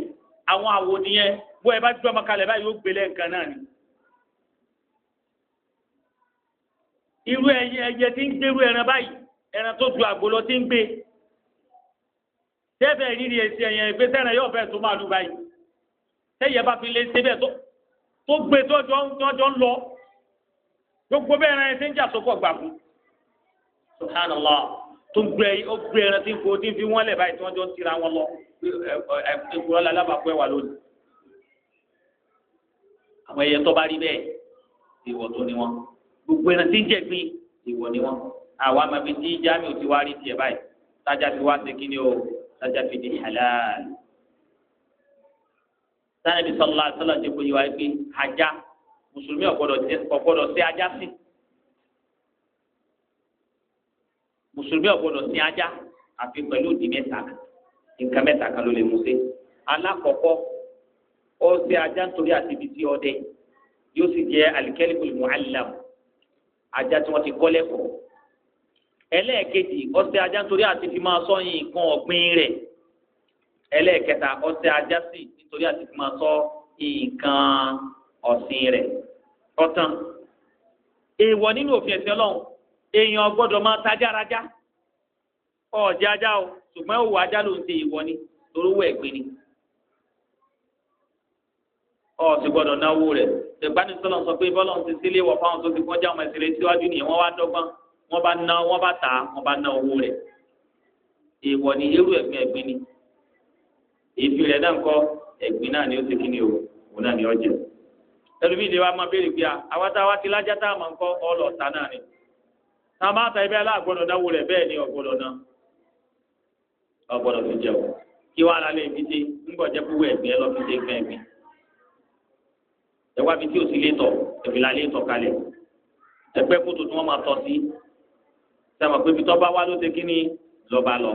àwọn àwòdìyẹn bó ẹ bá ju ọmọ kalẹ̀ báyìí yóò gbélé nǹkan náà ni. irú ẹyẹ ẹyẹ tí ń gbérú ẹran báyìí ẹran tó ju àgbo lọ tí ń gbé tẹ́fẹ̀ rírì èsì ẹ̀yẹ ìgbé sẹ́ran yóò fẹ́ tó máa lù báyìí tẹ́yẹ bá fi lè ṣe bẹ́ẹ̀ tó gbé tọ́jọ́ ń lọ gbogbo bẹ́ẹ̀ ẹran ẹsẹ̀ ń jà sọ́kọ̀ gbàgbọ́ subhanallah tó ń gbé ó gbé ẹran tí ń kó tí ń fi wọ́n lẹ̀ báyìí tí wọ́n jọ ń tira wọn lọ ẹ̀kúrọ́ la lábàá pẹ́ wà lónìí àwọn ẹyẹ tó bá rí bẹ́ẹ̀ ìwọ tó ni wọn gbogbo ẹran tí ń jẹ̀gbin ìwọ ni wọn àwa máa fi tí jámi ò ti wá rí tiẹ̀ báyìí tájà fi wá sí kíni o tájà fi di halal sáyẹn bí sọlá sọlá ti kó yíwá pé ajá mùsùlùmí ọ̀gbọ́dọ̀ sí ajá sí mùsùlùmí ọ̀gbọ́dọ̀ sí ajá àfi pẹ̀lú ìdí mẹ́ta nǹkan mẹ́ta kan ló lè mú sí alákọ̀ọ́kọ́ ọsẹ ajá nítorí àti ibi tí ọdẹ yóò sì jẹ alikẹliful muallam ajá tí wọn ti kọ́ lẹ́kọ̀ọ́ ẹlẹ́ẹ̀kejì ọsẹ ajá nítorí àti fi máa sọ yìí nǹkan ọ̀gbìn rẹ̀ ẹlẹ́ẹ̀kẹta ọsẹ ajá sì nítorí àti fi máa sọ nǹkan ọ̀sìn rẹ̀ ọ̀tàn èèwọ̀ nínú òfin ẹ̀sìn ọlọ́run èèyàn gbọ́dọ̀ máa ta járaja ọ̀jẹ̀ o ṣùgbọ́n òwò ajá ló ń ṣe èèwọ̀ ni torówó ẹ̀gbin ni ọ ti gbọ́dọ̀ náwó rẹ̀ tẹgbani sọlọ sọ pé bọlọ ń sisi lé wọ fáwọn tó ti kọjá ọmọ ìṣẹ̀lẹ̀ síwájú nìyẹn wọn wá dọ́gbọ́n wọn bá ná wọn bá tà wọn bá ná owó rẹ̀ èèwọ̀ ni eérú ẹ̀gbin ẹ̀gbin ni èéfì rẹ̀ náà kọ ẹ̀gbin náà ni ó ti kí ni o òun náà ni ó jẹ ẹlòmíì lè wa máa béèrè pé àwa tá a wá ti lájá tá a máa ń kọ ọlọ ọ̀tá náà ni tá a máa ta ibẹ̀ aláàgbọ́dọ̀ náwó rẹ̀ bẹ́ẹ̀ ni ọ̀gbọ́dọ̀ náà ọ̀gbọ́dọ̀ ẹ wá bí tí o sì lé tọ̀ ẹ̀fìlà lé tọ̀ kalẹ̀ ẹgbẹ́ kótó tí wọ́n máa tọ́ sí sẹ́mi pé ibi tó bá wá ló ṣe kí ni lọ́ba lọ.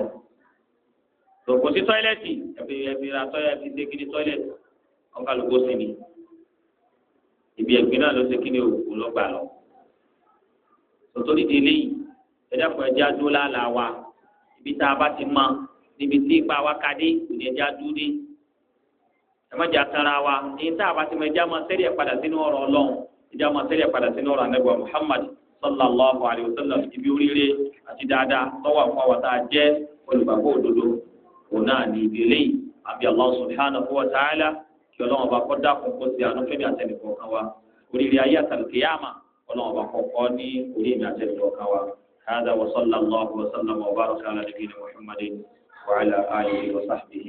kò sí tọ́ílẹ̀tì ẹ̀fì ẹ̀fìlà tọ́yà fi ṣe kí ni tọ́ílẹ̀tì ọ̀ka ló kó sí ni ibi ẹ̀gbin náà ló ṣe kí ni òkú lọ́gbà lọ. sòtòrí di eléyìí ẹ̀dá kan ẹ̀já dúró láàlá wa ibi tá a bá ti mọ níbi tí ipa wa kadé òní ẹ̀já dúró dé ẹ má jẹ́ atara wa ní tá a bá ti mọ ẹjẹ́ àmọ́ sẹ́rí ẹ̀ padà sínú ọ̀rọ̀ ọlọ́run ẹjẹ́ àmọ́ sẹ́rí ẹ̀ padà sínú ọ̀rọ̀ anabi wa muhammad sallallahu alayhi wa sallam ibi oríire àti dáadáa tọ́wọ́ àwọn àwọn tá a jẹ́ olùgbàgbọ́ òdodo òun náà ní ibi eléyìí àbí allah subhanahu wa ta'ala kí ọlọ́run ọba kọ́ dákun kó sí àánú fẹ́mi àtẹnìkọ̀ kan wa oríire ayé àtàlùkìyàmà ọlọ́run ọba kọ́ ní orí هذا وصلى الله وسلم وبارك على نبينا محمد وعلى آله وصحبه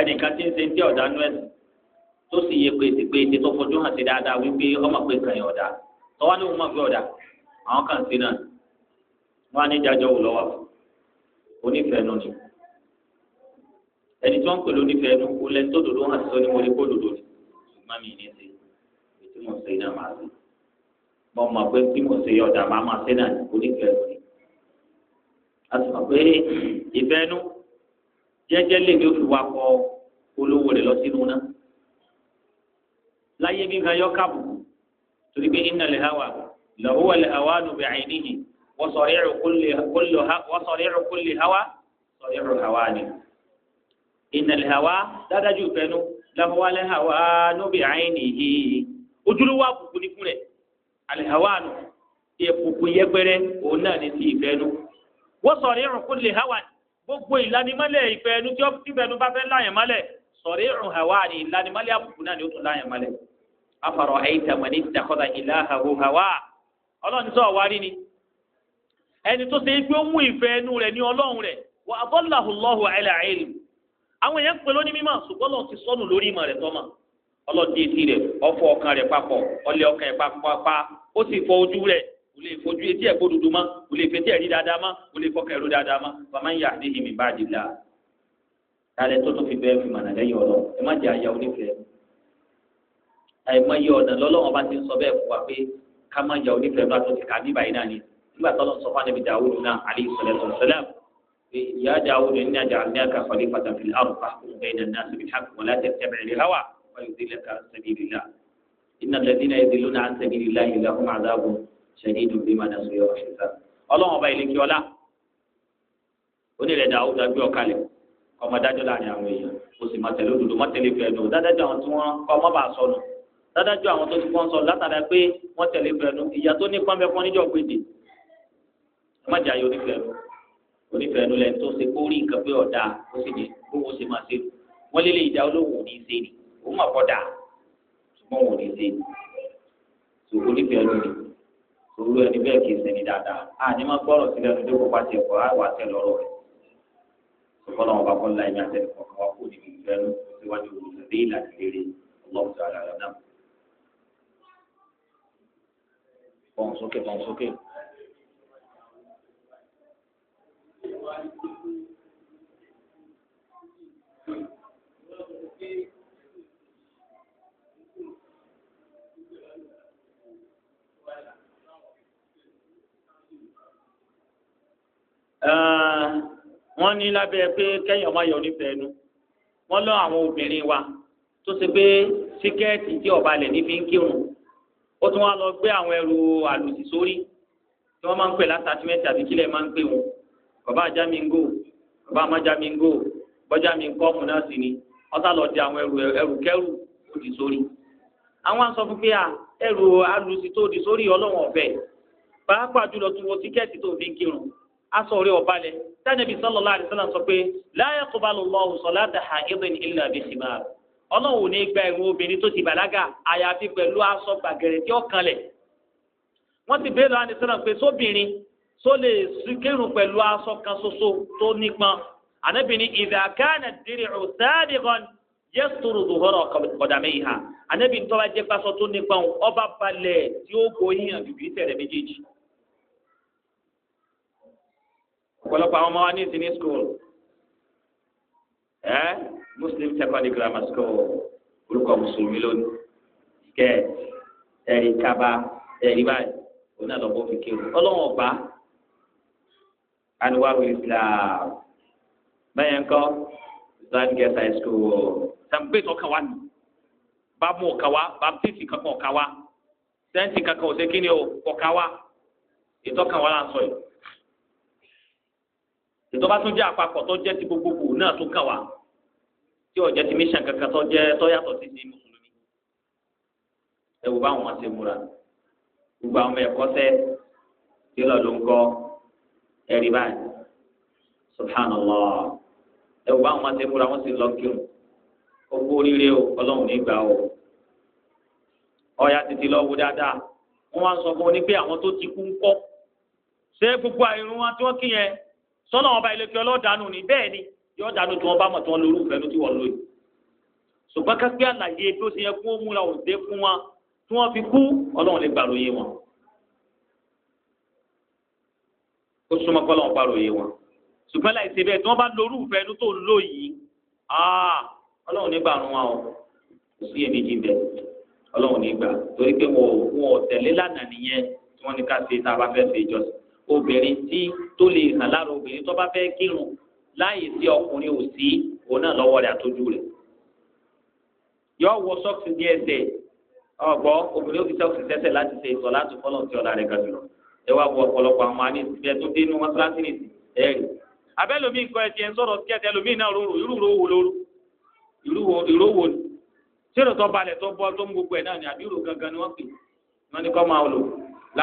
ẹnìkan tí ń ṣe tí ọ̀dà nú ẹ̀sìn tó sì yẹ pèsè pèsè tó fojú hàn sí dáadáa wípé ọmọ pé kàn yín ọ̀dà tọ́wá ní òun mọ̀ pé ọ̀dà àwọn kan sí náà wọ́n á ní ìdájọ́ wò lọ́wọ́ onífẹ̀ẹ́ nù ni ẹni tí wọ́n ń pè lónífẹ̀ẹ́ nù kó lẹ́ni tó dòdò hàn sí sọ ní mo lè kó dòdò ni ṣùgbọ́n mi ní ṣe ètí mo ṣe náà máa ṣe mo mọ̀ pé bí mo ṣe ọ̀dà máa máa ṣe náà onífẹ̀ẹ́ nù jẹ́jẹ́ lèmi ó fi wá kọ olówó rẹ̀ lọ sínú náà láyé bí nǹkan yọ kábùkù torí pé iná lè hawa lọ́wọ́ lè hawa nù bẹ̀ àyìn níyì wọ́n sọ̀rọ̀ ìrù kúlè hawa sọ̀rọ̀ ìrù hawa ni iná lè hawa dáadájú fẹ́nu lọ́wọ́ lè hawa nù bẹ̀ ojúlówó àbùkù ní fún rẹ̀ alẹ́ hawa nù ìkùkù yẹpẹrẹ òun náà ní ti ìfẹ́nu wọ́n sọ̀rọ̀ ìrù kúlè hawa ni. gbogbo ìlanimọ́lẹ̀ ìfẹ́ ẹnu tí ó ti bẹnu bá fẹ́ láyàn mọ́lẹ̀ sọ̀rí ìrùn hàwa ni ìlanimọ́lẹ̀ àbùkù náà ni ó tún láyàn mọ́lẹ̀ afọ̀rọ̀ ẹ̀yìntàmọ̀ ní ìdàkọ́dà ìlàhàwò hàwa ọlọ́run sọ wárí ni ẹni tó ṣe pé ó mú ìfẹ́ ẹnu rẹ̀ ní ọlọ́run rẹ̀ wà àìlà àìlù àwọn kò lè fojú etí ẹ̀ gbódùdú mọ́ kò lè fetí ẹ̀ rí dáadáa mọ́ kò lè fọkàn ẹ̀rú dáadáa mọ́ bàmá ń yà á déhìí mi bá a dìlà alẹ́ tó tó fi bẹ́ẹ̀ fi mànà lẹ́yìn ọ̀rọ̀ ẹ má jẹ́ àyà onífẹ̀ẹ́ àìmọye ọ̀nà lọ́lọ́wọ́n bá ti sọ bẹ́ẹ̀ fún wa pé ká má jẹ́ onífẹ̀ẹ́ bá tó ti kà níbàyí náà ni nígbà tọ́lọ́ sọ fún Ànábì Dáúdù náà alayhi يا داود إنا جعلناك خليفة في الأرض بين الناس بالحق ولا تتبع الهوى فيضلك عن سبيل الله إن الذين يضلون عن سبيل الله لهم عذاب ṣẹ̀yìn ìdùnnú máa dasọ yọ ọ̀ṣẹ̀ta ọlọ́run ọba ilé kíọ́lá onílẹ̀ dàwọ́ dájú ọ̀kalẹ̀ ọmọ dájọ́ láàrin àwọn èèyàn kò sì máa tẹ̀lé òdodo má tẹ̀lé fẹ́ nù dádájọ́ àwọn tí wọ́n kọ́ ọmọ bá sọnù dádájọ́ àwọn tó ti fọ́n sọ látara pé wọ́n tẹ̀lé fẹ́ nù ìyá tó ní pọ́nbẹ́ fọ́n níjọ́ gbèdè ẹ má jẹ́ ayé onífẹ́ nù onífẹ́ nù lẹ́nu tó ṣe kó nǹkan pé ọ̀dà ó sì ní kó ṣe máa ṣe wọ́n lélẹ̀ ìdá olóhùn ní í òun mọ̀ kọ́ dà ṣùgbọ́n òun ò ní í ṣe ni sòwúrò ẹni bẹ́ẹ̀ kì í sẹ́ni dáadáa a ní máa gbọ́rọ̀ sílẹ̀ ní dókò pàṣẹ ẹ̀kọ́ á wà tẹ̀ lọ́rọ̀ rẹ̀ sọ́kọ́ náà bá bọ́lá ẹ̀mí àtẹ̀ kọ̀ọ̀kan wá kó níbi ìfẹ́nu síwájú olùsọ̀dé ìlànà ìlérí ọlọ́run tó ara náà. pọ̀n sókè wọ́n ní lábẹ́ pé kẹ́yìn yọ nífẹ̀ẹ́ ẹnu wọ́n lọ àwọn obìnrin wa tó ṣe pé síkẹ́ẹ̀tì tí ọba lẹ̀ níbi ń kírun ó tún wá lọ gbé àwọn ẹrù àlùsí sórí tí wọ́n máa ń pè látàtúmẹ̀tì àbí kílẹ̀ máa ń pè wọn bàbá ajámingó bàbá amájámingó náà sì ni wọ́n sá lọ di àwọn ẹrù òdì sórí àwọn aṣọ fún pé à tó aṣọ orí ọba lẹ tánàbí sallallahu alaihi wasallam sọ pé la yaqbalu Allahu salata haidin illa bi khimar ọlọ́run ò ní gba ìwọ̀n obìnrin tó ti bàlágà àyàfi pẹ̀lú aṣọ gbàgẹ̀rẹ̀ tí ó kanlẹ̀ wọ́n ti bẹ́ẹ̀ lọ́wọ́ àdìsọ́nà pé sóbìnrin tó lè kírun pẹ̀lú aṣọ kan ṣoṣo tó nípọn ànábìnrin idha kana ad-dir'u sadiqan yasturu dhuhura qadamiha ànábìnrin tó bá jẹ́ pásọ tó nípọn ọba balẹ̀ tí ó ọ̀pọ̀lọpọ̀ àwọn ọmọ wa ní ìsinmi school ẹ muslim secondary grammar school orúkọ mùsùlùmí lónìí kẹ ẹ̀rí kaba ẹ̀rí báyìí òun náà lọ́gbọ́n fi kéwù ọlọ́wọ́n ọ̀gbá anuwaru islam bẹ́ẹ̀ ń kọ́ islamic high school sàmpéètì ọ̀kan wa ni bàmú ọ̀kan wa bàmpéètì kankan ọ̀kan wa sẹ́ǹtì kankan ọ̀sẹ̀ kí wa ètò wa là yìí ìtọ́ba tó jẹ́ àpapọ̀ tó jẹ́ ti gbogbogbò náà tó kàn wá tí ò jẹ́ ti mission kankan tó jẹ́ tó yàtọ̀ sí ti mùsùlùmí ẹ wò báwọn ṣe múra gbogbo àwọn ẹ̀kọ́ sẹ́ tí ó ló ń kọ́ ẹ̀rí báyìí subhanallah ẹ wò báwọn ṣe múra wọ́n sì lọ kírun gbogbo oríire o ọlọ́run nígbà o ọ̀ya tètè lọ wo dáadáa wọ́n wá ń sọ fún ọ ní pé àwọn tó ti kú ń kọ́ ṣé gbogbo àìrùn wọn tí wọ́n kí yẹn sọ́nà ọba ìlẹ́kẹ́ ọlọ́dàánù ni bẹ́ẹ̀ ni yọ dànù tí wọ́n bá mọ̀ tí wọ́n lórí ìfẹ́ ló ti wọ́n lóyè ṣùgbọ́n kápẹ́ àlàyé bí ó ṣe yẹ kó múra òde fún wọn tí wọ́n fi kú ọlọ́run lè gbàròyé wọn ó súnmọ́ kọ́lọ́run gbàròyé wọn ṣùgbọ́n láì ṣe bẹ́ẹ̀ tí wọ́n bá lórí ìfẹ́ ló tó lò yìí ọlọ́run ní gbàrún wọn o kò sí èméjì bẹ́ẹ̀ ọlọ́run ní gbà torí pé wọn ò tẹ̀lé lánàá nìyẹn tí wọ́n ní ká ṣe tá a bá fẹ́ obìnrin tí tó lè hàn lára obìnrin tó bá fẹ́ kírun láyè sí ọkùnrin ò sí òun náà lọ́wọ́ rẹ̀ àtọ́jú rẹ̀ yọ wọ sọ́ọ̀sì ní ẹsẹ̀ obìnrin ó fi sọ́ọ̀sì sẹ́sẹ̀ láti ṣe ìsọ̀ láti ọ̀la rẹ̀ ẹ wá wọ ọ̀pọ̀lọpọ̀ àwọn àní tó dé inú mọ́sálásí nìsí ẹ rí abẹ́lómi nǹkan ẹ̀jẹ̀ ń sọ̀rọ̀ kí ẹ̀jẹ̀ lómi náà rúru ìrúwò wò lóru ni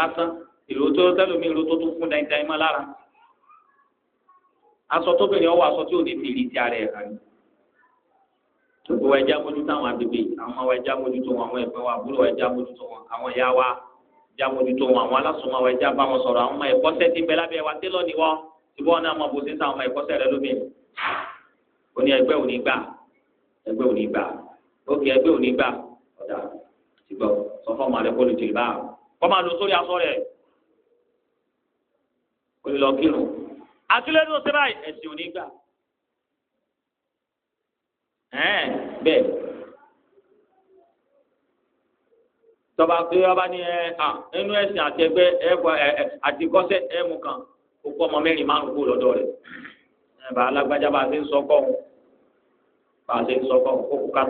ìró tó tẹlomi ìró tó tún fún dáindáin má lára aṣọ tóbìnrin ọwọ́ aṣọ tí ò ní fi ìrìtì ara ẹ̀ hàn gbogbo wa ẹja mójútó àwọn àgbègbè àwọn ọmọ wa ẹja mójútó wọn àwọn ẹ̀gbọ́n wa àbúrò wa ẹja mójútó wọn àwọn ìyá wa ẹja mójútó wọn àwọn alásùnmọ́ wa ẹja bá wọn sọ̀rọ̀ àwọn ọmọ ẹ̀kọ́ṣẹ́ ti bẹ lábẹ́ wa télọ̀ ni wọ́n ti bọ́ náà mọ bó ṣe ń ta àwọn ọmọ ẹ̀kọ́ṣẹ́ rẹ lómi òní ẹgbẹ́ òní gbà ẹgbẹ́ òní gbà ókè ẹgbẹ́ òní gbà ọ̀dà ti gbọ́ sọ fún ọmọ rẹ kó aṣọ rẹ̀ olùlọ kírun akílẹ́nu ọ̀sẹ̀ báyìí ẹ̀sìn òní gbà ẹ̀ẹ́n bẹ́ẹ̀ tọba pé ọba ní ẹ ẹnu ẹ̀sìn àti ẹgbẹ́ ẹ ẹ àti ẹ mú kan ó ọmọ mẹ́rin márùn kú lọ́dọ̀ rẹ̀ ẹ bá alágbájá bá a ṣe ń bá a ṣe ń kó kó ká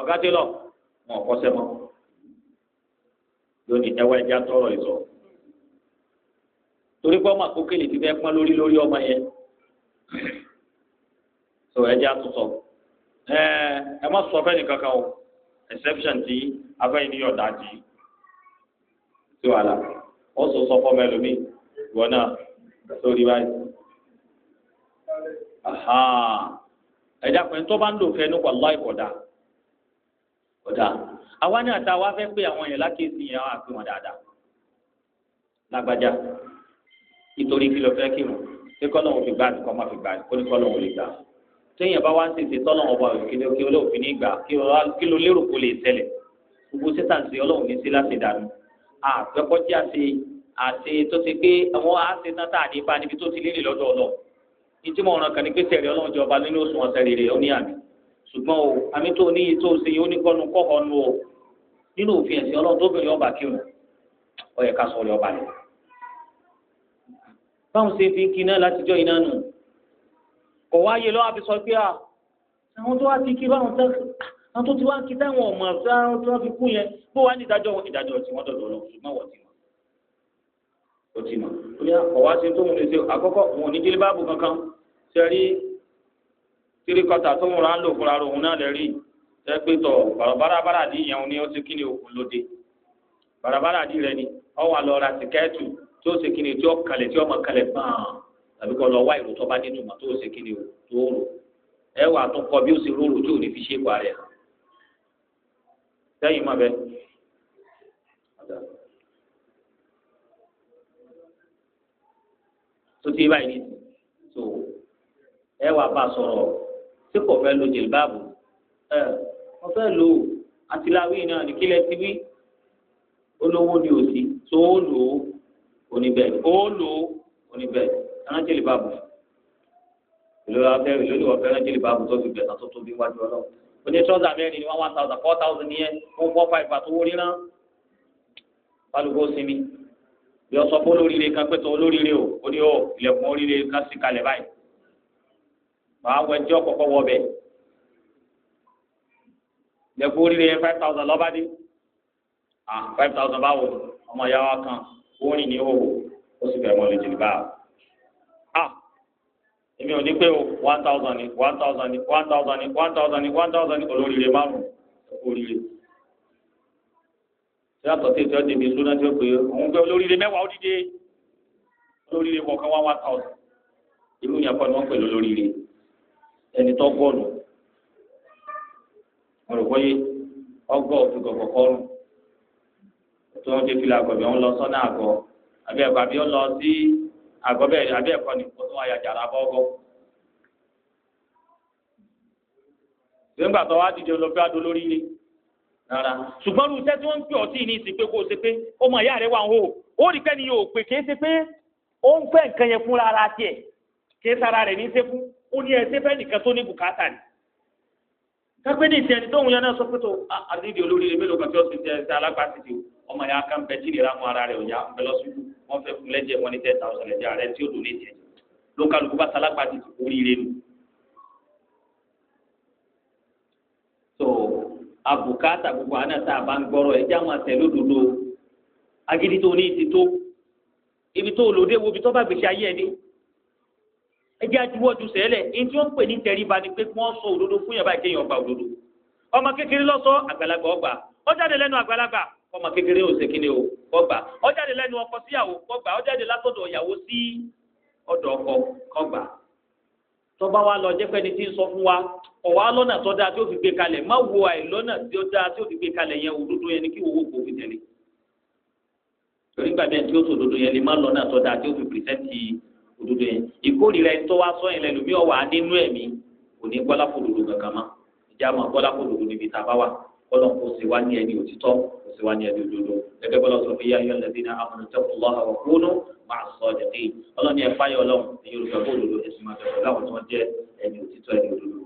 ọ̀gá ti lọ wọn kọ́ sẹ́mọ́ lónìí ẹwà ẹja tọrọ torí pé ọmọ ti fẹ́ so ẹja tuntun ẹ ẹ má sọ fẹ́ exception ti ọ̀dà sọ sọ ẹlòmíì ìwọ náà báyìí ẹja pẹ̀lú tó bá ń lò fẹ́ nípa ọ̀dà àwa ní àtà wa fẹ́ pé àwọn èèyàn lákèésí yẹn á pè wọ́n dáadáa lágbájá nítorí kí ló fẹ́ kí wọn pé kọ́lọ́hún fi gbà kọ́ má fi gbà kó ní kọ́lọ́hún lè gbà téèyàn bá wá ń tètè tọ́lọ́hún ọba òkèlè òkè olóòfin ní gbà kí ló lérò kó lè tẹ̀lẹ̀ gbogbo sítàǹsì ọlọ́hún ní sí láti dànù àgbẹ̀kọ́já ṣe àti tó ti pé àwọn àṣetán tá àdébá níbi tó ti lélẹ̀ lọ́dọ̀ ọlọ́hún ìtumọ̀ ọ̀ràn kan ní pé tẹ̀lé ọlọ́hún jọba nínú òṣùwọ̀n tẹ̀lé rẹ̀ àmì ṣùgbọ́n o àmì tó níyì tó ṣe yìí ó ní kọ́nu kọ́kọ́ nu o nínú òfin ẹ̀sìn ọlọ́run ọba kírun ó ká sọ ọba rẹ̀. báwọn ṣe fi kí látijọ́ iná nù kò wáyé lọ́wọ́ àfi sọ pé àwọn tó wá ti kí báwọn tán àwọn tó ti wá kí táwọn ọmọ àwọn tó wá fi kú yẹn bó wá ní ìdájọ́ ìdájọ́ tí wọ́n dọ̀dọ̀ lọ ṣùgbọ́n wọ́n ti mọ̀ ó ti mọ̀ ó ní àkọ́wá ṣe tó wọn lè ṣe àkọ́kọ́ wọn ò ní tíríkọ́tà tó ń ra ń lò fúnra rẹ̀ òun náà lè rí tẹ́pẹ́tọ̀ bàràbàràbàrà ìyẹn ó ti kí ni òkun bàràbàrà rẹ ni ọ wà lọ ra tíkẹ́ẹ̀tù tí ó ṣe kí ni tí ó kalẹ̀ tí ó mọ kalẹ̀ wá tó bá ní tó ṣe kí ni tó rò ẹ wà tó kọ bí ó ṣe tí kò fẹ́ lo jìlbáàbù ẹ wọ́n fẹ́ lò ó àtìláwí náà ní kílẹ̀ ti wí olówó ni òsì tó ó lò ó oníbẹ̀ ó lò ó oníbẹ̀ ẹran jìlbáàbù ìlú abẹ́ ìlú ìwọ̀ fẹ́ràn jìlbáàbù tó fi bẹ̀rẹ̀ tó tóbi wájú ọlọ́run oní trọ́sà mẹ́rin ni one thousand four thousand yẹn fún four five àtúwó ríran balùwò sinmi yọ sọ fún olóríire kan pẹ̀tọ́ olóríire o ó ní ọ ilẹ̀kùn olóríire kan sí kalẹ̀ báyìí wàá wọ ẹjọ́ kọ̀kọ́ wọ bẹ̀ lẹ́kọ̀ọ́ oríire five thousand lọ́ba ah five thousand báwo ọmọ ìyá wa kan ó rìn ní òwò sì fẹ́ mọ́ lè jìnnì ah èmi ò ní pé o one thousand ni one thousand ni one thousand ni one thousand ni one thousand ni olóríire márùn ẹ̀kọ́ oríire yàtọ̀ sí ìtọ́ débi lónà tí ó pè é òun pé olóríire mẹ́wàá ó dìde olóríire kọ̀ọ̀kan one one thousand irú yẹn kọ́ ni wọ́n pè lólóríire ẹni tó gọ́ọ̀lù wọn rò wáyé ọgọ́ òfin kọ̀kọ̀ kọ́ọ̀lù tó ń ṣe fìlà àgọ̀bẹ̀ ń lọ sọ́nà àgọ́ àbí ẹ̀kọ́ àbí ó lọ sí àgọ́ bẹ́ẹ̀ àbí ẹ̀kọ́ ni tó wáyà jàrá bọ́ọ̀gọ́. nígbà tó dìde lọ fẹ́ adó lórí ni rárá ṣùgbọ́n irú iṣẹ́ tí wọ́n ń pè ọtí ní ìsìn pé kó o ṣe pé ó mọ ìyá rẹ wà ń hò ó rí pẹ́ ni yóò pè kì ó ń fẹ́ nǹkan yẹn fún rárá tiẹ̀ kì í sara rẹ̀ ní í ṣe fún ó ní ẹsẹ fẹ́ nìkan tó ní bùkátà ni kápẹ́ ní ìsẹ́ni tó ń yan náà sọ pé tó àdídì olórí rẹ mélòó kan tí ó ti jẹ ẹsẹ alágbàtìtì ọmọ ya kan bẹ tí ìlera mu ara rẹ ò yá ń bẹ lọ́sùn wọn fẹ́ fún lẹ́jẹ̀ wọn ní ten thousand lẹ́jẹ̀ rẹ tí ó dùn ní ìjẹ ló kálukú bá salágbàtìtì oríire nù. tó àbùkátà gbogbo àná tá a bá ń gbọ́rọ̀ ẹ̀jẹ̀ àwọn àtẹ lódodo agídí tó ní ìtì tó ibi tó lòdè ẹjẹ́ àtiwọ́jú sẹ́lẹ̀ ní tí wọ́n ń pè ní tẹríba ni pé wọ́n sọ òdodo fún yàrá ìkéyàn ọgbà òdodo ọmọ kékeré lọ́sọ àgbàlagbà ọgbà ọjáde lẹ́nu àgbàlagbà ọmọ kékeré ò sèkínni o ọgbà ọjáde lẹ́nu ọkọ síyàwó ọgbà ọjáde látọ̀dọ̀ ìyàwó sí ọ̀dọ̀ ọkọ ọgbà tọba wa lọ jẹ́ pé ẹni tí ń sọ fún wa ọ̀wá lọ́nà tó dáa tí ó fi gbé kalẹ̀ má wo àìlọ́nà tí ó dáa tí ó fi gbé kalẹ̀ yẹn òdodo yẹn ni kí owó kò fi tẹ̀lé torí gbàgbé tí ó sòdodo yẹn lè má lọ́nà tó dáa tí ó fi pìrìsẹ́ǹtì òdodo yẹn ìkórìíra ẹni tó wá sọ yẹn lẹ́nu mi ọ̀wà nínú ẹ̀mí kò ní gbọ́lá fòdodo kankan mọ́ ìjà máa gbọ́lá fòdodo níbi tá a bá wà kọ́lọ̀ kó sì wá ní ẹni òtítọ́ kó sì wá ní ẹni òdodo gẹ́gẹ́ bọ́lá sọ fún yíyá lẹ́bí náà amúnú tẹ́kù lọ́hà wà kúnú máa sọ ọ̀dẹ̀dẹ̀ ọlọ́ni ẹ̀ fáyọ̀ ọlọ́run ẹ̀yin olùfẹ́ fòdodo ẹ̀sìn máa bẹ̀rẹ̀ láwọn tó ń ẹni òtítọ́ ẹni òdodo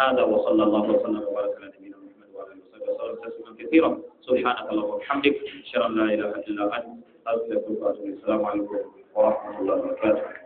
هذا وصلى الله وسلم وبارك على نبينا محمد وعلى اله وصحبه وسلم تسليما كثيرا سبحانك اللهم وبحمدك اشهد ان لا اله الا انت استغفرك السلام عليكم ورحمه الله وبركاته